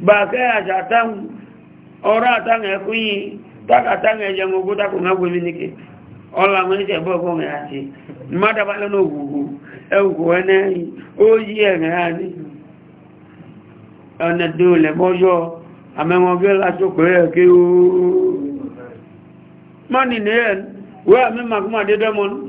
ba ke aja tan ora tan e ku yi ta ka tan e je mo go ta na gbe mi nike ola mo ni se bo ko ati ma da ba lo no gugu e ku ene o yi e me ani ona do le bojo ame mo ge la so ko e ke o mani ne we ame magma de demon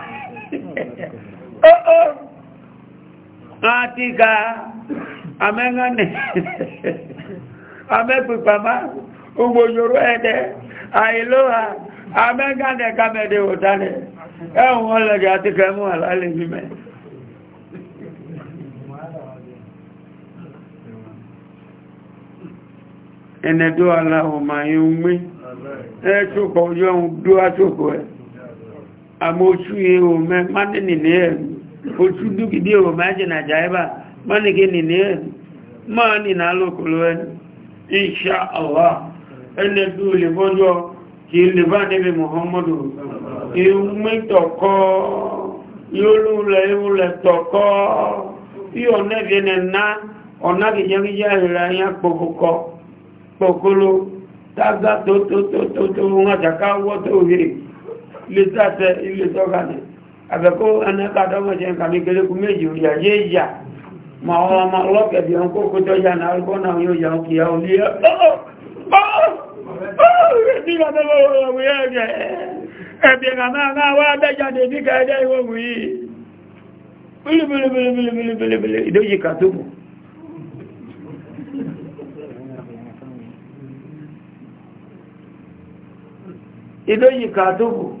àti ga amẹ́gánì amẹ́pìpàmá ugbo yòrò ẹ̀dẹ́ àìlóha amẹ́gánì kàmẹ́dẹ̀ òtálẹ̀ ẹ̀hùn ọlọ́dẹ̀ àti kẹmú àlálẹ̀ mímẹ́ ẹnẹ̀dọ́ aláwọ̀ ma yíò ń gbé ẹ̀ ṣòkò yóò ń dúwá àmọ́ oṣù ihò mẹ́ mánì nìní ẹ̀ oṣù dúkìdí ihò mẹ́jìnà jàíbà mánì kí nìní ẹ̀ máa nìna lókòlò ẹni iṣẹ́ àwọ́ ẹni tó kí lè níbi muhammadu ìmítọ̀kọ́ yóò nẹ́bí a sáàtẹ ilé tọ́gàlẹ̀ àbẹ̀kó ẹnẹ́kàdọ́mọ̀ṣẹ́ kàmí kérékù méjì òyà yé ìyà ma ọmọ ọlọ́kẹ̀bí ọkọ̀ kójọ yà náà ọgbọ́n náà yóò yà ọkì yà olí ẹ̀ ìdóyìí kàtóbù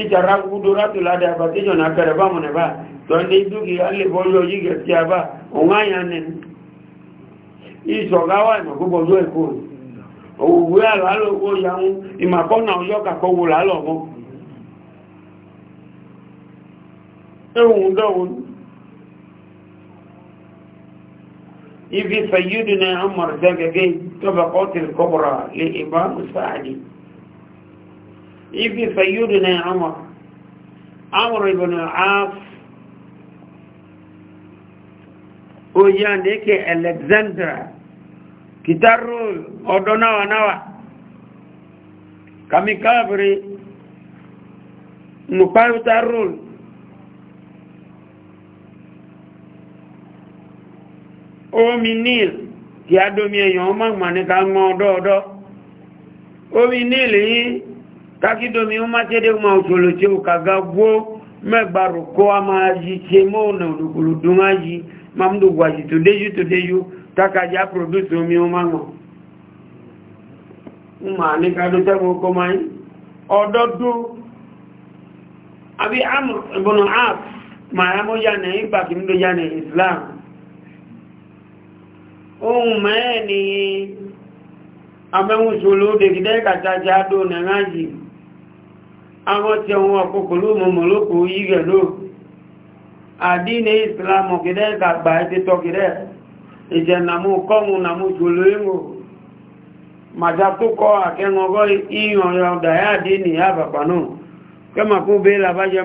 ìjàrá gúdó látò ládà àbàtíjọ̀ na kẹrẹ bá mọ̀nà bá tọ́ndé ìdúkì alẹ́bọ́yọ̀ yìí gẹ̀ẹ́sì àbá òun àyànnì ìṣọ̀gáwà ìmọ̀gbọ́gbọ́jọ́ èkó òwúwé àlálòwò yàún ìmàkọ́nà ọjọ́ kàkọ́wò lálọ́mọ́ ibi fayyudina ibi sayyidina amr amr ibn al-as ó yá ndeke alexandra kitarul ọ̀dọ̀ náwà náwà kàmí káàbìrì nùpáyù tarul omi nil kí a dómi èèyàn ọmọ ìmọ̀ ní ká ń mọ ọdọ́ ọdọ́ omi nil yìí kakidomi umatede uma ucholoche ukagagwo mebaruko amajiche mona udukuludumaji mamdu gwaji tudeju tudeju takaja produce omi umango umane kadota moko mai ododu abi amr ibn af mayamo jane ipa kimdo jane islam ohun mẹ́ẹ̀ni amẹ́hùn ṣòlò kacha ìkàtàjà àdó nàìjíríà àwọn tí wọn àkókòló mọ̀mọ̀lókò yígẹ̀ ló àdínà ìsìlámù kìdẹ́ ìgbàgbà ẹ̀tẹ́ tọ́kìdẹ́ ìjẹ̀nàmú kọ́mù nàmú jòló ìwò màjá tó kọ́ àkẹ́ngọ́gọ́ ìyànyà ọ̀dàyà àdínì àbàpà náà kẹ́mà kó bẹ́ẹ̀ làbájẹ́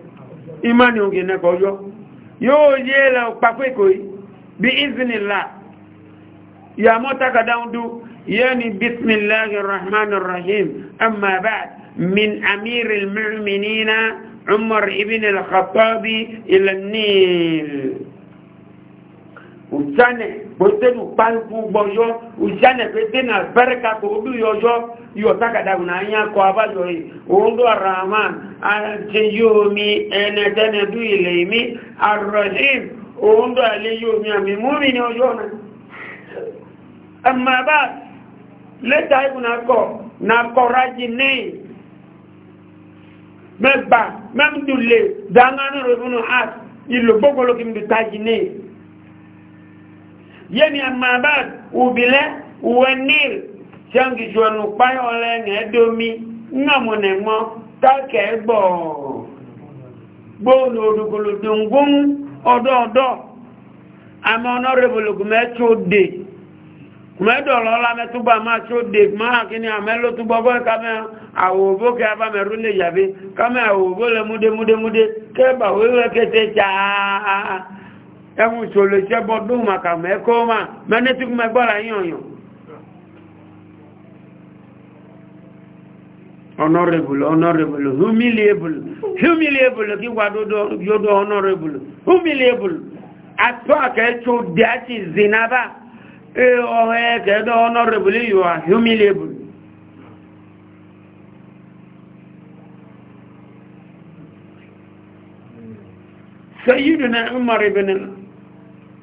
imani oge nẹ́kọ̀ ọjọ́ yóò yé ẹlẹ́ pàpẹ́ èkó yìí bí ìzìnìlá yàmọ́ takadáhùndú yẹni bismillahi rahman rahim amma ba'd min amir al-mu'minina umar ibn al-khattabi ila nil ujane kwetenu pangu boyo ujane kwetena baraka kudu yoyo yotakada unanya kwa abajo hii uundu arrahman atiyumi enetene du ileimi arrahim uundu aliyumi ami mumini na amma ba leta hiku nako nakoraji nei mẹgbà mẹmdùlẹ dáná ní rẹ fún un àt ìlú gbogbo lókè mẹdùtájì ní yẹni amabad ubile uwenil ṣangi ṣuanu páyọ lẹ́nà ẹ̀dọ́mí ńàmùnẹ̀mọ́ tákẹ́ gbọ́ gbóòlù òdùgbòlùdùngún ọdọ́ọ̀dọ́ àmọ́ ọ̀nọ́rẹ́bùlù kùmẹ́tò dè kùmẹ́tò ọ̀lọ́lá mẹ́túbà máa tó dè máa kí ni àmẹ́lò túbọ̀ bọ́ kámẹ́ àwòbó kẹ abámẹ́rú lè yàbí kámẹ́ àwòbó lẹ múdémúdémúdé kẹ́ bàwéwẹ́ kẹ́tẹ́ tsáà ẹ̀hún ṣòlò ìṣẹ́bọ̀ dùn màkà mẹ́kọ́ máa mẹ́ni tí kúmẹ́ gbọ́ra yíyànyàn honorable honorable humiliable humiliable kí wà yóò honorable humiliable atọ́ àkẹ́ẹ̀tọ́ dẹ́ẹ̀tì zinaba ọ̀hẹ́ ẹ̀kẹ́ẹ̀dọ́ honorable you are humiliable سيدنا عمر بن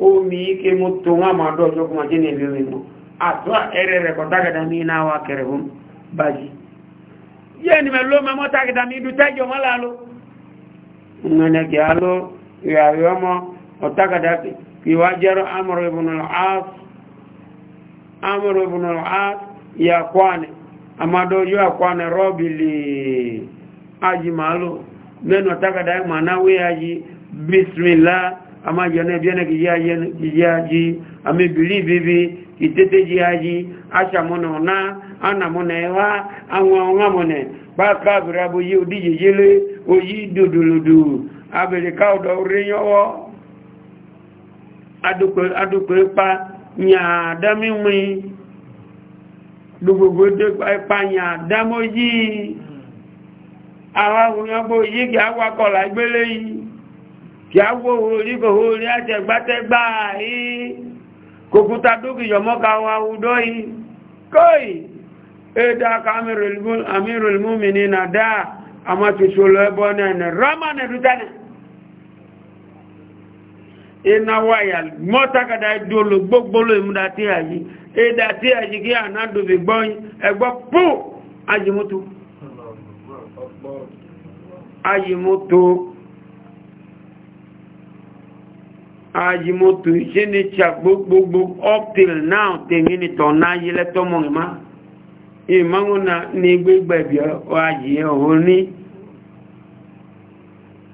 omi ike mutu nwa ma do jo kuma jini bi mi mo erere ko daga mi na wa kere hum baji ye ni me lo me mo daga da mi du tejo mo la lo ngene ki alo ya yo mo o daga da wa jaro amr ibn al as amr ibn al as ya kwane amado yo akwane robili aji malo neno daga da mana we aji bismillah ama yene biene ki ya yene ki ya ji ama ebili bibi ki ji ya ji acha mono na ana mono ewa anwa onga mone ba ka brabo yi odi je jele oyi dodolodo abele ka odo reyo wo aduko aduko pa nya dami mi dugogo de pa pa nya damoji awa wo yan bo yi ki awa ko la gbele yi kí a wó orí kò orí àtẹ̀gbátẹ́gbà yìí kòkúta dókìyọ̀mọ́ka wa udọ́ yìí kóì èdè aka amírùlmúmi ní nàdá àmà tòṣòlò ẹbọ náà rámanà dúdánà iná wáyà mọ́tàkàdá ìdòlò gbogbolo ìmúdá tí a yìí èdè àyí kí ànádòbì ajimoto ìṣẹ́nìtsà gbogbo up till now tèmi ni tọ̀ náà yí lẹ́tọ́ mọ̀ ẹ̀ má ìmọ̀ngò náà ní gbégbá ẹ̀bí ọ̀hajì ẹ̀ ọ̀hún ní.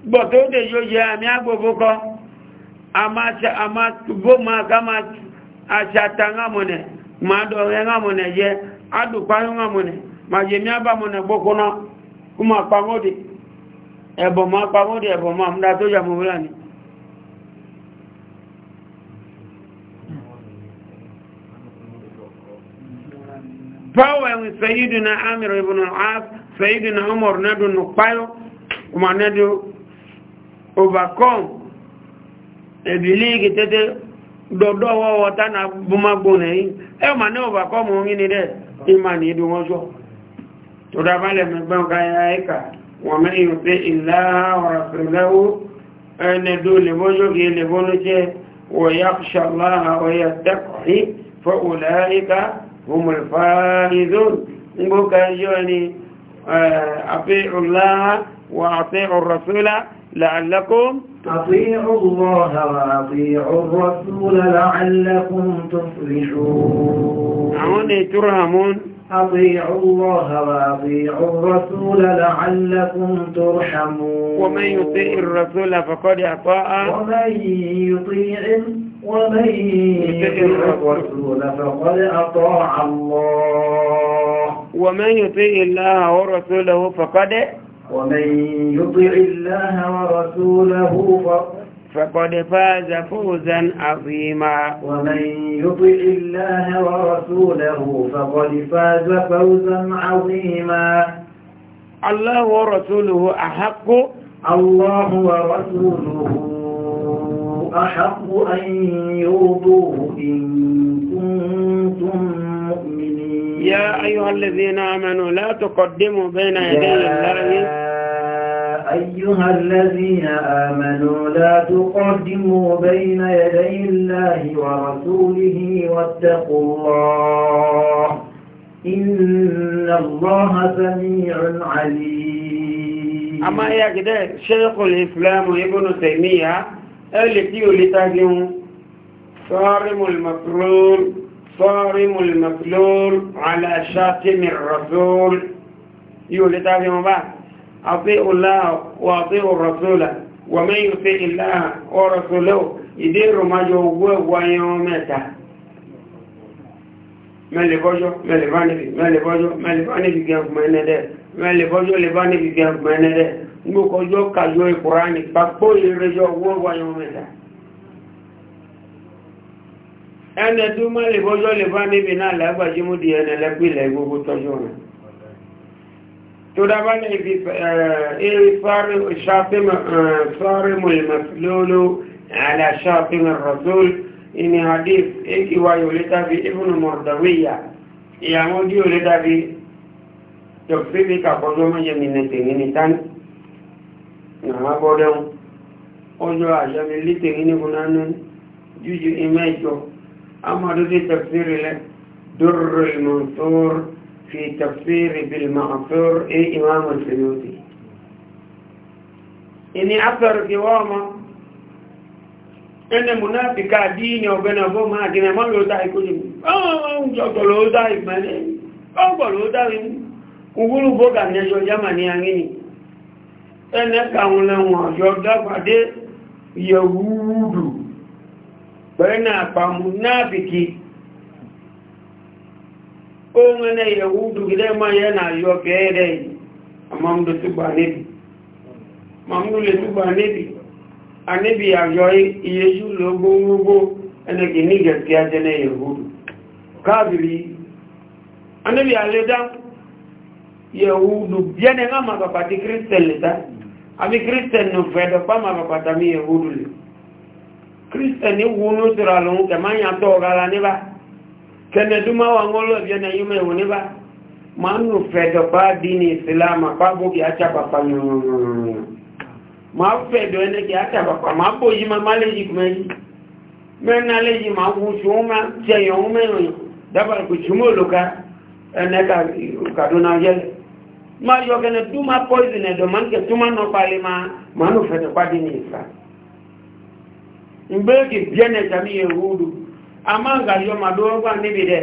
gbọ̀tọ́ ó dèjò yẹ àmì agbófo kọ́ àmàgbọ́mọ àgàmà àṣàtà ńàmọ̀nẹ̀ màdọ̀rẹ́ ńàmọ̀nẹ̀ yẹ adùpáyọ̀ ńàmọ̀nẹ̀ màjèmí àbàmọ̀nẹ̀ gbókò náà kó ya ni. bawe sayyidina amir ibn al-as sayyidina umar nadu nupayo kuma nadu overcome ebiligi tete dodo wo wota na bumagbo ne yi e ma ne overcome o ngini de imani du won so to da bale me ban ka yaika wa man yuti illa wa rasulahu ene do le bojo ge le bono je wa yakhsha allah wa yattaqi fa ulaika هم الفائزون بوكا يعني آه، أطيعوا الله وأطيعوا الرسول لعلكم
أطيعوا الله وأطيعوا الرسول لعلكم تفلحون عوني ترهمون أطيعوا الله وأطيعوا الرسول لعلكم ترحمون ومن يطيع الرسول فقد أطاع ومن يطيع ومن يطع الرسول فقد أطاع الله ومن يطع الله
ورسوله فقد
ومن يطع الله ورسوله
فقد فاز فوزا عظيما ومن
يطع الله ورسوله فقد فاز فوزا عظيما الله ورسوله أحق الله ورسوله أحق أن يرضوه إن كنتم مؤمنين
يا أيها الذين آمنوا لا تقدموا بين
يدي الله أيها الذين آمنوا لا تقدموا بين يدي الله ورسوله واتقوا الله إن الله سميع عليم
أما يا كده شيخ الإسلام ابن تيمية التي لتهجم صارم المكرور صارم المفلول على شاتم الرسول يولتهجم بعد أطيع الله وأطيع الرسول ومن يطيع الله ورسوله يدير ما جوه ويومته mẹ́lẹ̀ bọ́jọ́ mẹ́lẹ̀ bá níbi ما اللي mẹ́lẹ̀ bá níbi gẹ̀ẹ́kùnmọ́ ngoko yo kayo e Qur'ani bakpo ire yo wo wa yo meta ene duma le bojo le ba ni bina la gba jimu di ene le pile gogo tojo na to da ba ne bi e far shafim sarim al maslul ala shafim ar rasul in hadith e ki wa yo le ta bi ibn murdawiya ya mo di yo le ta bi to fi ka bojo ma je minne tengini tan ìrànwá bọ́dẹ́hùn ọjọ́ àjọmi lítèrí níbo nánú jújù ìmẹ́jọ amádúdé tafsiri lẹ dúró ìmọ̀tòr fi tafsiri bilmọ̀tòr é e ìmáàmù sèyóòtì ìní afẹ́rù kí wọ́n mọ́ ẹni múnáfíkà díìní ọ̀gbẹ́nà bó máa gínà mọ́ ló dá ikú jìmí ọ̀gbọ̀ ló dá ìgbẹ́ni ọ̀gbọ̀ ló dá bó gà ní jámà ní àríyìn ẹnẹ́ka wọn lẹ́wọ̀n ọ̀yọ́ dágbàdé yẹ̀wúrúdù pẹ̀lú àpàmù náàbìkì ohun ẹnẹ́ yẹ̀wúrúdù gidẹ́ máa yẹ́ nà yọ kẹ́ẹ̀rẹ́ yìí àmọ́mdó túgbà yẹ̀wúrúdù káàbìrì àníbi àlédá yẹ̀wúrúdù bí ẹnẹ́ àbí kírísítẹ̀nì ò fẹ́ dọ̀pá máa bàbàtà mi yẹ̀ wúdù lè kírísítẹ̀nì wú ní oṣù rà lòun kẹ̀ máa ń yàtọ̀ ọ̀gá la níbà kẹ́nẹ̀dúnmá wa ngọ́ lọ́ọ̀bí ẹ̀nà yìí mẹ́wò níbà máa ń nù fẹ́ dọ̀pá dín ní ìsìlámà pàbó kì í àtsà pàpà yọ̀nyọ̀nyọ̀nyọ̀ máa fẹ́ dọ̀ ẹni kì í àtsà pàpà máa bó yìí máa má lè yìí kùmẹ́ yìí mẹ́rin alẹ́ yìí máa wú sùn máa tiẹ̀ yọ̀ ń mẹ́rin dábàá kò sùn mọ́ òlùka ẹnẹ́ kàdúnà yẹlẹ̀ ma yɔgɛnɛ duma poisonɛ dɔ man kɛ tuma nɔfali ma ma n'o fɛtɛ kɔ adi n'i fa n bɛ k'i biɛnɛ jami yehudu a man ka yɔ ma dɔw ba ne bi dɛ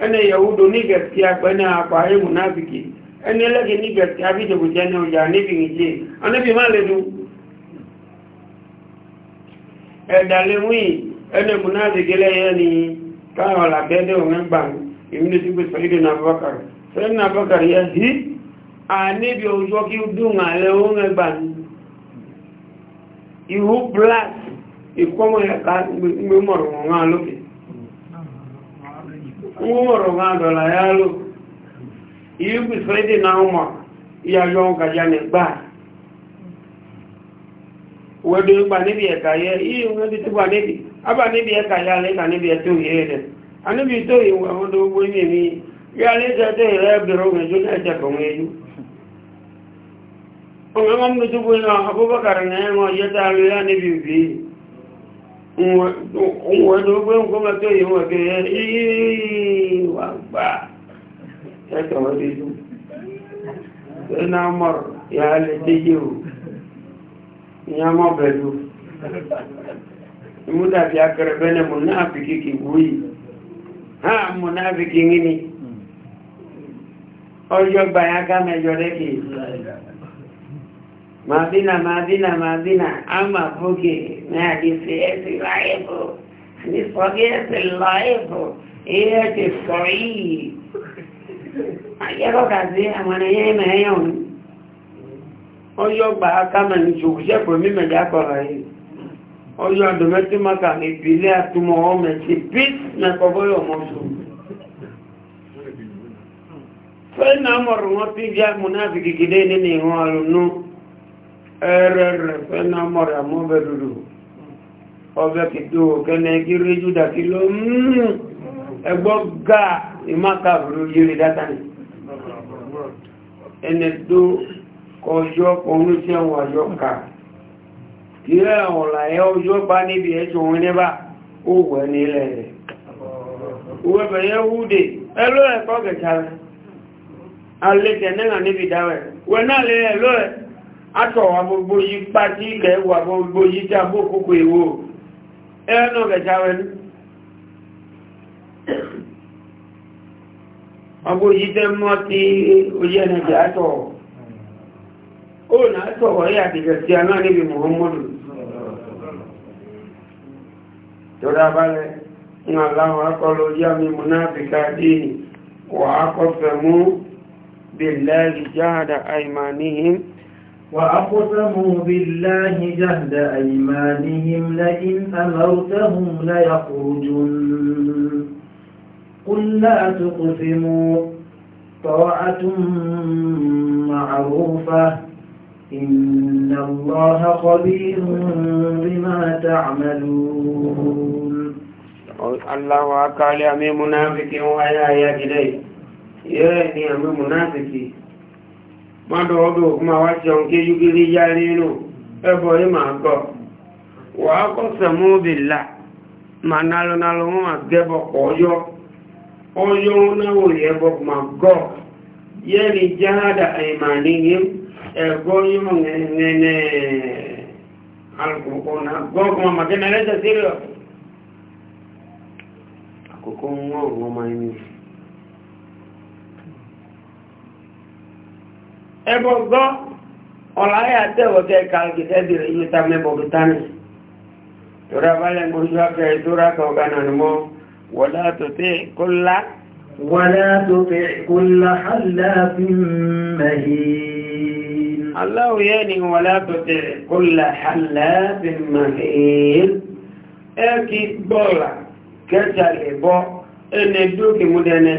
ɛnɛ yehudu ni gɛrɛsɛgɛ gbɛ ne a kɔ a ye mun n'a fiki ɛnɛ lɛgɛ ni gɛrɛsɛgɛ a bi dogo jɛ ne o ja ne bi n'i je a ne bi ma le dun ɛdalen wi ɛnɛ mun n'a fiki lɛ yɛ la bɛɛ de o ŋa gba ɛmi ne ti gbɛ na bakari sɛgɛ na bakari yɛ hi. níbi òjò kí ó dùn ààrẹ oún ẹgbà ní ìhú black ìkọmọ̀ gbé mọ̀rọ̀ wọn lókè wọ́n mọ̀rọ̀ wọn yá ló náà mọ̀ ìyàjọ́ níbi yẹ yìí wọ́n ti túbà níbi abà níbi ẹ̀ka yẹ rẹ̀ ọmọ mẹ́tùgbò náà abúbákàrà náà wọ́n yẹ́ tààrí yá níbi ìbí òun ẹ̀dùn gbé ń kọ́mọ̀ tó yìí wọ́n kẹ́
ìwà gbà ẹ̀tọ̀ wọ́n dé jù
ẹ̀nà mọ̀rọ̀ yà á lè dé yìí o ìyá mọ̀ bẹ̀lú ìmúdàbí akẹrẹbẹ́ náà mọ̀ náà fi kíkì wúyì ha mọ̀ náà fi kíkì ní ọjọ́ gbà yá ká mẹ́jọ rẹ̀ kìí madina madina madina ama forget e na this life and this forget e the life it is sorry ayero kazi amana ye me yon oyo gba aka ma ni ju je po mi me da ko ra yi oyo do me ti maka ni bile atumo o me ti bit na ko boyo mo su fe na mo ẹrẹrẹ fẹ́ na mọ̀rẹ̀ dúdú ọbẹ̀ kìtò kẹ́nẹ̀ kí rí júdà kí ló mú ẹgbọ́ gá yiri yìí dátàní ẹni tó kọjọ́ ọ̀rún tí ẹwọ̀n àjọ́ ká kí ẹ̀wọ̀n láyé ọjọ́ bá níbi ẹ̀ṣọ́ níbà ó wẹ̀ rẹ̀ wẹ̀ atọ̀wà gbogbo yí pàtí ilẹ̀ wà gbogbo yí tí a bó kókò èwo ẹnu gẹ̀jáwẹ́ ní yí tẹ́ mọ́ tí oyé ẹnẹ̀jẹ̀ atọ̀ ó nà atọ̀ wọ́yé àtìkẹ̀ sí aná níbi muhammadu tọ́dá balẹ̀ ń aláwọ̀ akọlọ yá mi wà mú bí jáàdà
وأقسموا بالله جهد أيمانهم لئن أمرتهم ليخرجن قل لا تقسموا طاعة معروفة إن الله خبير بما تعملون
الله أكبر يا منافق ويا يا جدي يا منافقي mọ́dọ̀ ọdún òkúnmá wá ṣe ọ̀nkẹ́ yúgírí yá nínú ẹbọ̀ yí máa gọ́ wà á kọ́ sẹ̀mú bìlá ma nálọ́nálọ́ wọ́n máa gẹ́bọ̀ ọ̀yọ́ ọ̀yọ́ náwó yẹ́bọ̀ máa gọ́ yẹ́ni jáàdà ìmàníyí ẹ̀gọ́ yíwọ̀n ẹ̀ẹ́nẹ́ alùpùpù náà gọ́ ọkùnmá màkẹ́ náà lẹ́sẹ̀ sílẹ̀ àkókò ń wọ́n ọ̀gbọ́n máa ń yìí ẹbọ gbọ́ ọ̀láyà tẹ́wọ̀tẹ́ kàlùkìtẹ́ bèèrè yìí ta mẹ́bọ̀ bí tánì tóra balẹ̀ mọ́jú afẹ́ tóra kọ̀ọ̀kan nà mọ́ wọ́lá tó tẹ́
kólá wọ́lá tó tẹ́ kólá hàláfin mahin aláwọ̀
yẹ́ ni wọ́lá tó tẹ́ kólá hàláfin mahin ẹ kí gbọ́ọ̀lá kẹta lè bọ́ ẹni dúkìmúdẹ́ni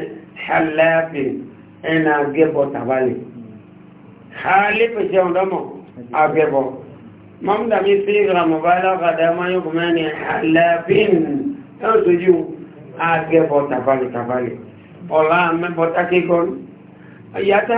hàláfin ẹni hali pe jẹun dọ́mọ̀ agbẹ̀bọ̀ mọ́mdà mi sí ìrànmọ̀ bá lákàdá máyún kò mẹ́rin alábín yóò tójú agbẹ̀bọ̀ tàbálẹ̀ tàbálẹ̀ ọ̀la mẹ́bọ̀ tákẹ́kọ́rú ìyátá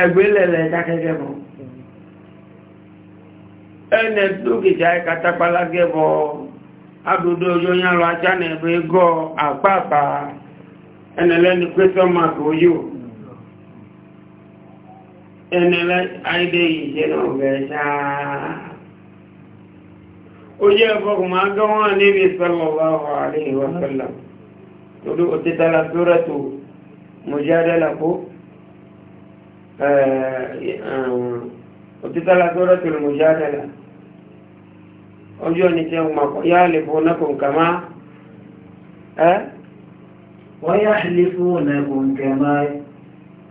ẹgbẹ́lẹ̀lẹ̀ jákẹ́gẹ́bọ̀ ẹnẹ̀ dókìtà ìkàtàpálá gẹ́bọ̀ adúdó ọjọ́ yánlọ ajánà ẹgbẹ́ gọ́ àpáàpá ẹnẹ̀lẹ́ni pẹ́tọ́ màkò yóò ẹnẹ̀lẹ́ àìdẹ́ ìṣẹ́ náà bẹ̀ sáà ó jẹ́ ọkọ̀kùnmá gọ́wọ́n níbi sallallahu alaihi wa sallam òtítà lásọ́rọ̀ tó mú jáde ọjọ́ ní tí wọ́n mọ̀ yá lè fún náà kò kàmá ẹ́ wọ́n yá lè fún
náà kò kàmá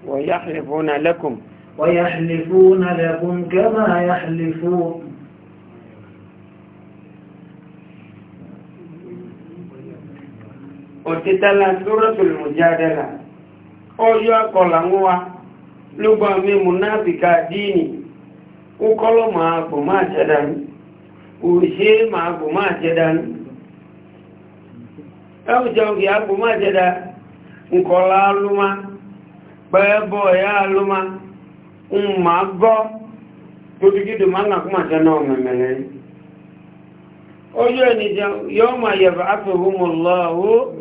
wọ́n lásọ́rọ̀
tó mú jáde ọjọ́ akọ̀làmúwa lugba mi munafika dini ukolo e ma bu ma jadan uje ma bu ma jadan au jongi ma ya luma umma go tudigidu manga omemele oyo ni yo ma yab'athuhumullahu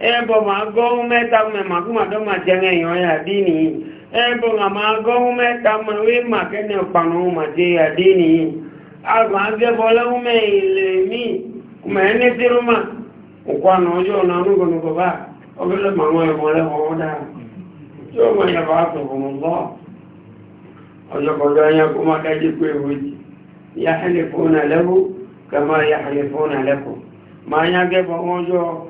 ebo ma gọ́hún mẹ́ta mẹ́ màkúmàdọ́ ma jẹ́rẹ̀ èèyàn yà dị nìyí ẹbọ ma e ma gọ́hún mẹ́ta mẹ́ wé mà ma jẹ́ yà dí nìyí àgbà gẹ́bọ lẹ́hún mẹ́ ilé mi mẹ́ ní tírúmà ọjọ́ ọ̀nà onúgbònúgbò bá ó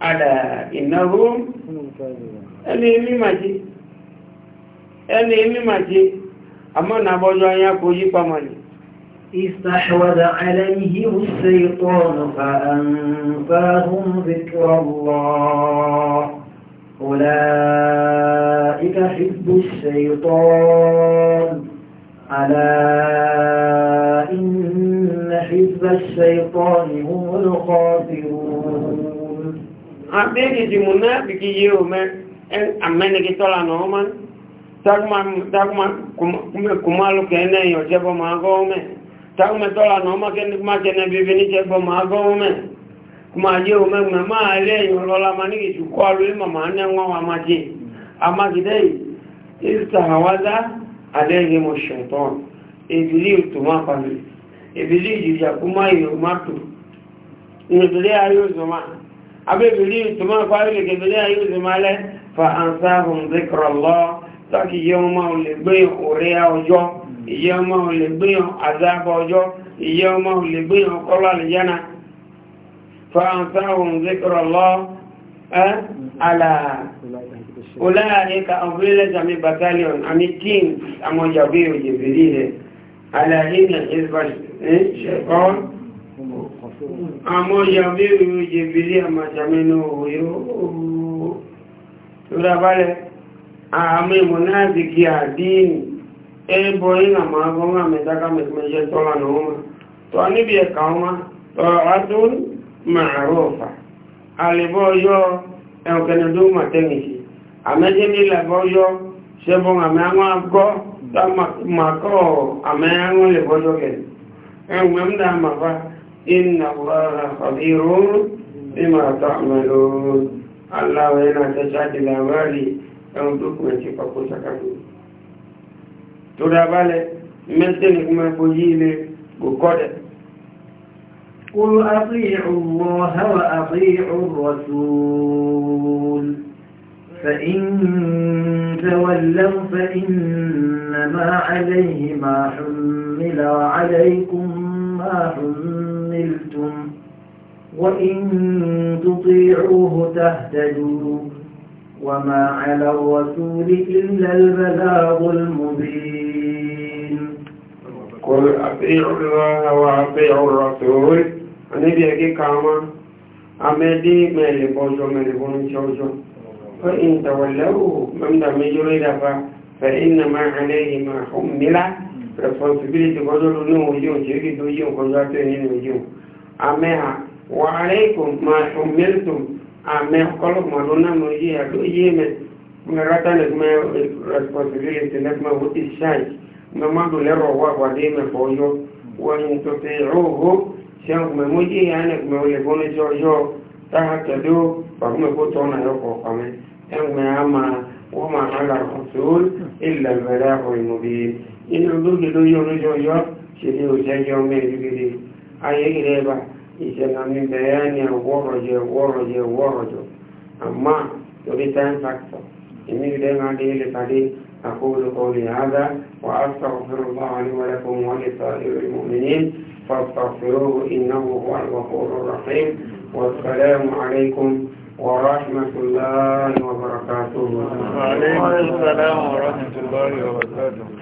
àdà ìnáwó ẹni mímàjí ẹni mímàjí àmọ́ nàbọ́jọ́ ayá kò yí pàmà
ní استحوذ عليهم الشيطان فأنفاهم ذكر الله أولئك حب الشيطان ألا إن حب الشيطان هم الخاسرون
abegiji munafiki yeume ameniki tola nooman takuma takuma kumalu kene yo jebo magome takuma tola nooma kene ma kene bibini jebo magome kuma yeume mama ale yo lola maniki chukwalu ima maane ngwa wa maji ama gidei istahawadha alayhi mushaitan ibili e utumapa ibili e jijakuma yo matu ibili ayo zomana abébìrí tó máa parí gẹ̀gẹ̀lẹ́ ayélujámálẹ́ fa ansáhùn zikrọ̀lọ́ tọ́kì yẹ ọmọ olè gbé orí ọjọ́ ìyẹ ọmọ olè gbé àzábọ̀ ọjọ́ ìyẹ ọmọ olè gbé ọkọ́lọ́ àlìyánà fa ansáhùn zikrọ̀lọ́ ẹ́ àlà ọláyàríkà ọ̀fẹ́lẹ̀ jami battalion àmì kings àmọ́jàgbé òjèbèrè rẹ̀ àlàyé nà ìṣẹ́kọ́ àmọ́ yàbí ìrú jẹbìlì àmàjàmínú òyó ìrọ̀bálẹ̀ àmì mọ̀náàdìkì àdínì ẹbọ iná máa gọ́nà mẹ́dáká mẹ́jẹ́ tọ́lá náà tó a níbi ẹ̀ka ọmọ a me màárọ̀ ọ̀fà àlèbọ́ yọ ẹ̀ọ̀kẹ́nẹ̀dún màtẹ́nìkì àmẹ́jẹ́ nílẹ̀bọ́ yọ ṣẹ́bọ̀n àmì àwọn agọ́ dámakọ́ àmẹ́ àwọn lèbọ́jọ́ kẹ̀ ẹ̀wọ̀n mẹ́mdà màfà إن الله خبير بما تعملون الله هنا تشهد الأمالي أو دكمة فقوسة تودا بالي مثل ما فجيلي بقدر
قل أطيعوا الله وأطيعوا الرسول فإن تولوا فإنما عليه ما حمل وعليكم ما حمل ضللتم وإن تطيعوه تهتدوا وما على الرسول إلا البلاغ المبين
قل أطيعوا الله وأطيعوا الرسول النبي يجي كاما أمدي ملي بوجو ملي بوجو فإن تولوا من دم يريد فإنما عليه ما حمل responsibility gbọ́dọ̀ lórí òun yóò ṣe kí tó yóò kọjá tó nínú yóò àmẹ́hà wà aláìkùn máa ọmọlẹ́tùn àmẹ́ ọkọlọ́gbọ̀n lọ́nà mọ̀ yé àdó yé mẹ́ mẹ́rátà lẹ́gbẹ́ responsibility lẹ́gbẹ́ wọ́n ti ṣáì mẹ́mọ́dún lẹ́rọ̀ wà wàdé mẹ́fọ́ yọ wọ́n yóò tó fi rúhó ṣẹ́hùn mẹ́mọ́ yé ànẹ́gbẹ́ olùgbọ́nìjọ́ yọ táhà tẹ̀lé ọkùnrin tó náà yọkọ̀ ọ̀pàmẹ́ ẹgbẹ́ á máa wọ́n máa ń inú olóògbé ló yọ lójọ yọ ṣe ní òṣèjọ mẹ́rin gidi ayé ilẹ̀ ẹ̀bà ìṣẹ̀lẹ̀ mi bẹ̀rẹ̀ ní wọ́rọ̀jẹ wọ́rọ̀jẹ wọ́rọ̀jọ àmọ́ torí time factor èmi ilẹ̀ máa dé ilẹ̀ pàdé أقول قولي هذا وأستغفر الله لي ولكم ولسائر المؤمنين فاستغفروه إنه هو الغفور الرحيم
والسلام عليكم ورحمة الله وبركاته وعليكم السلام ورحمة
الله وبركاته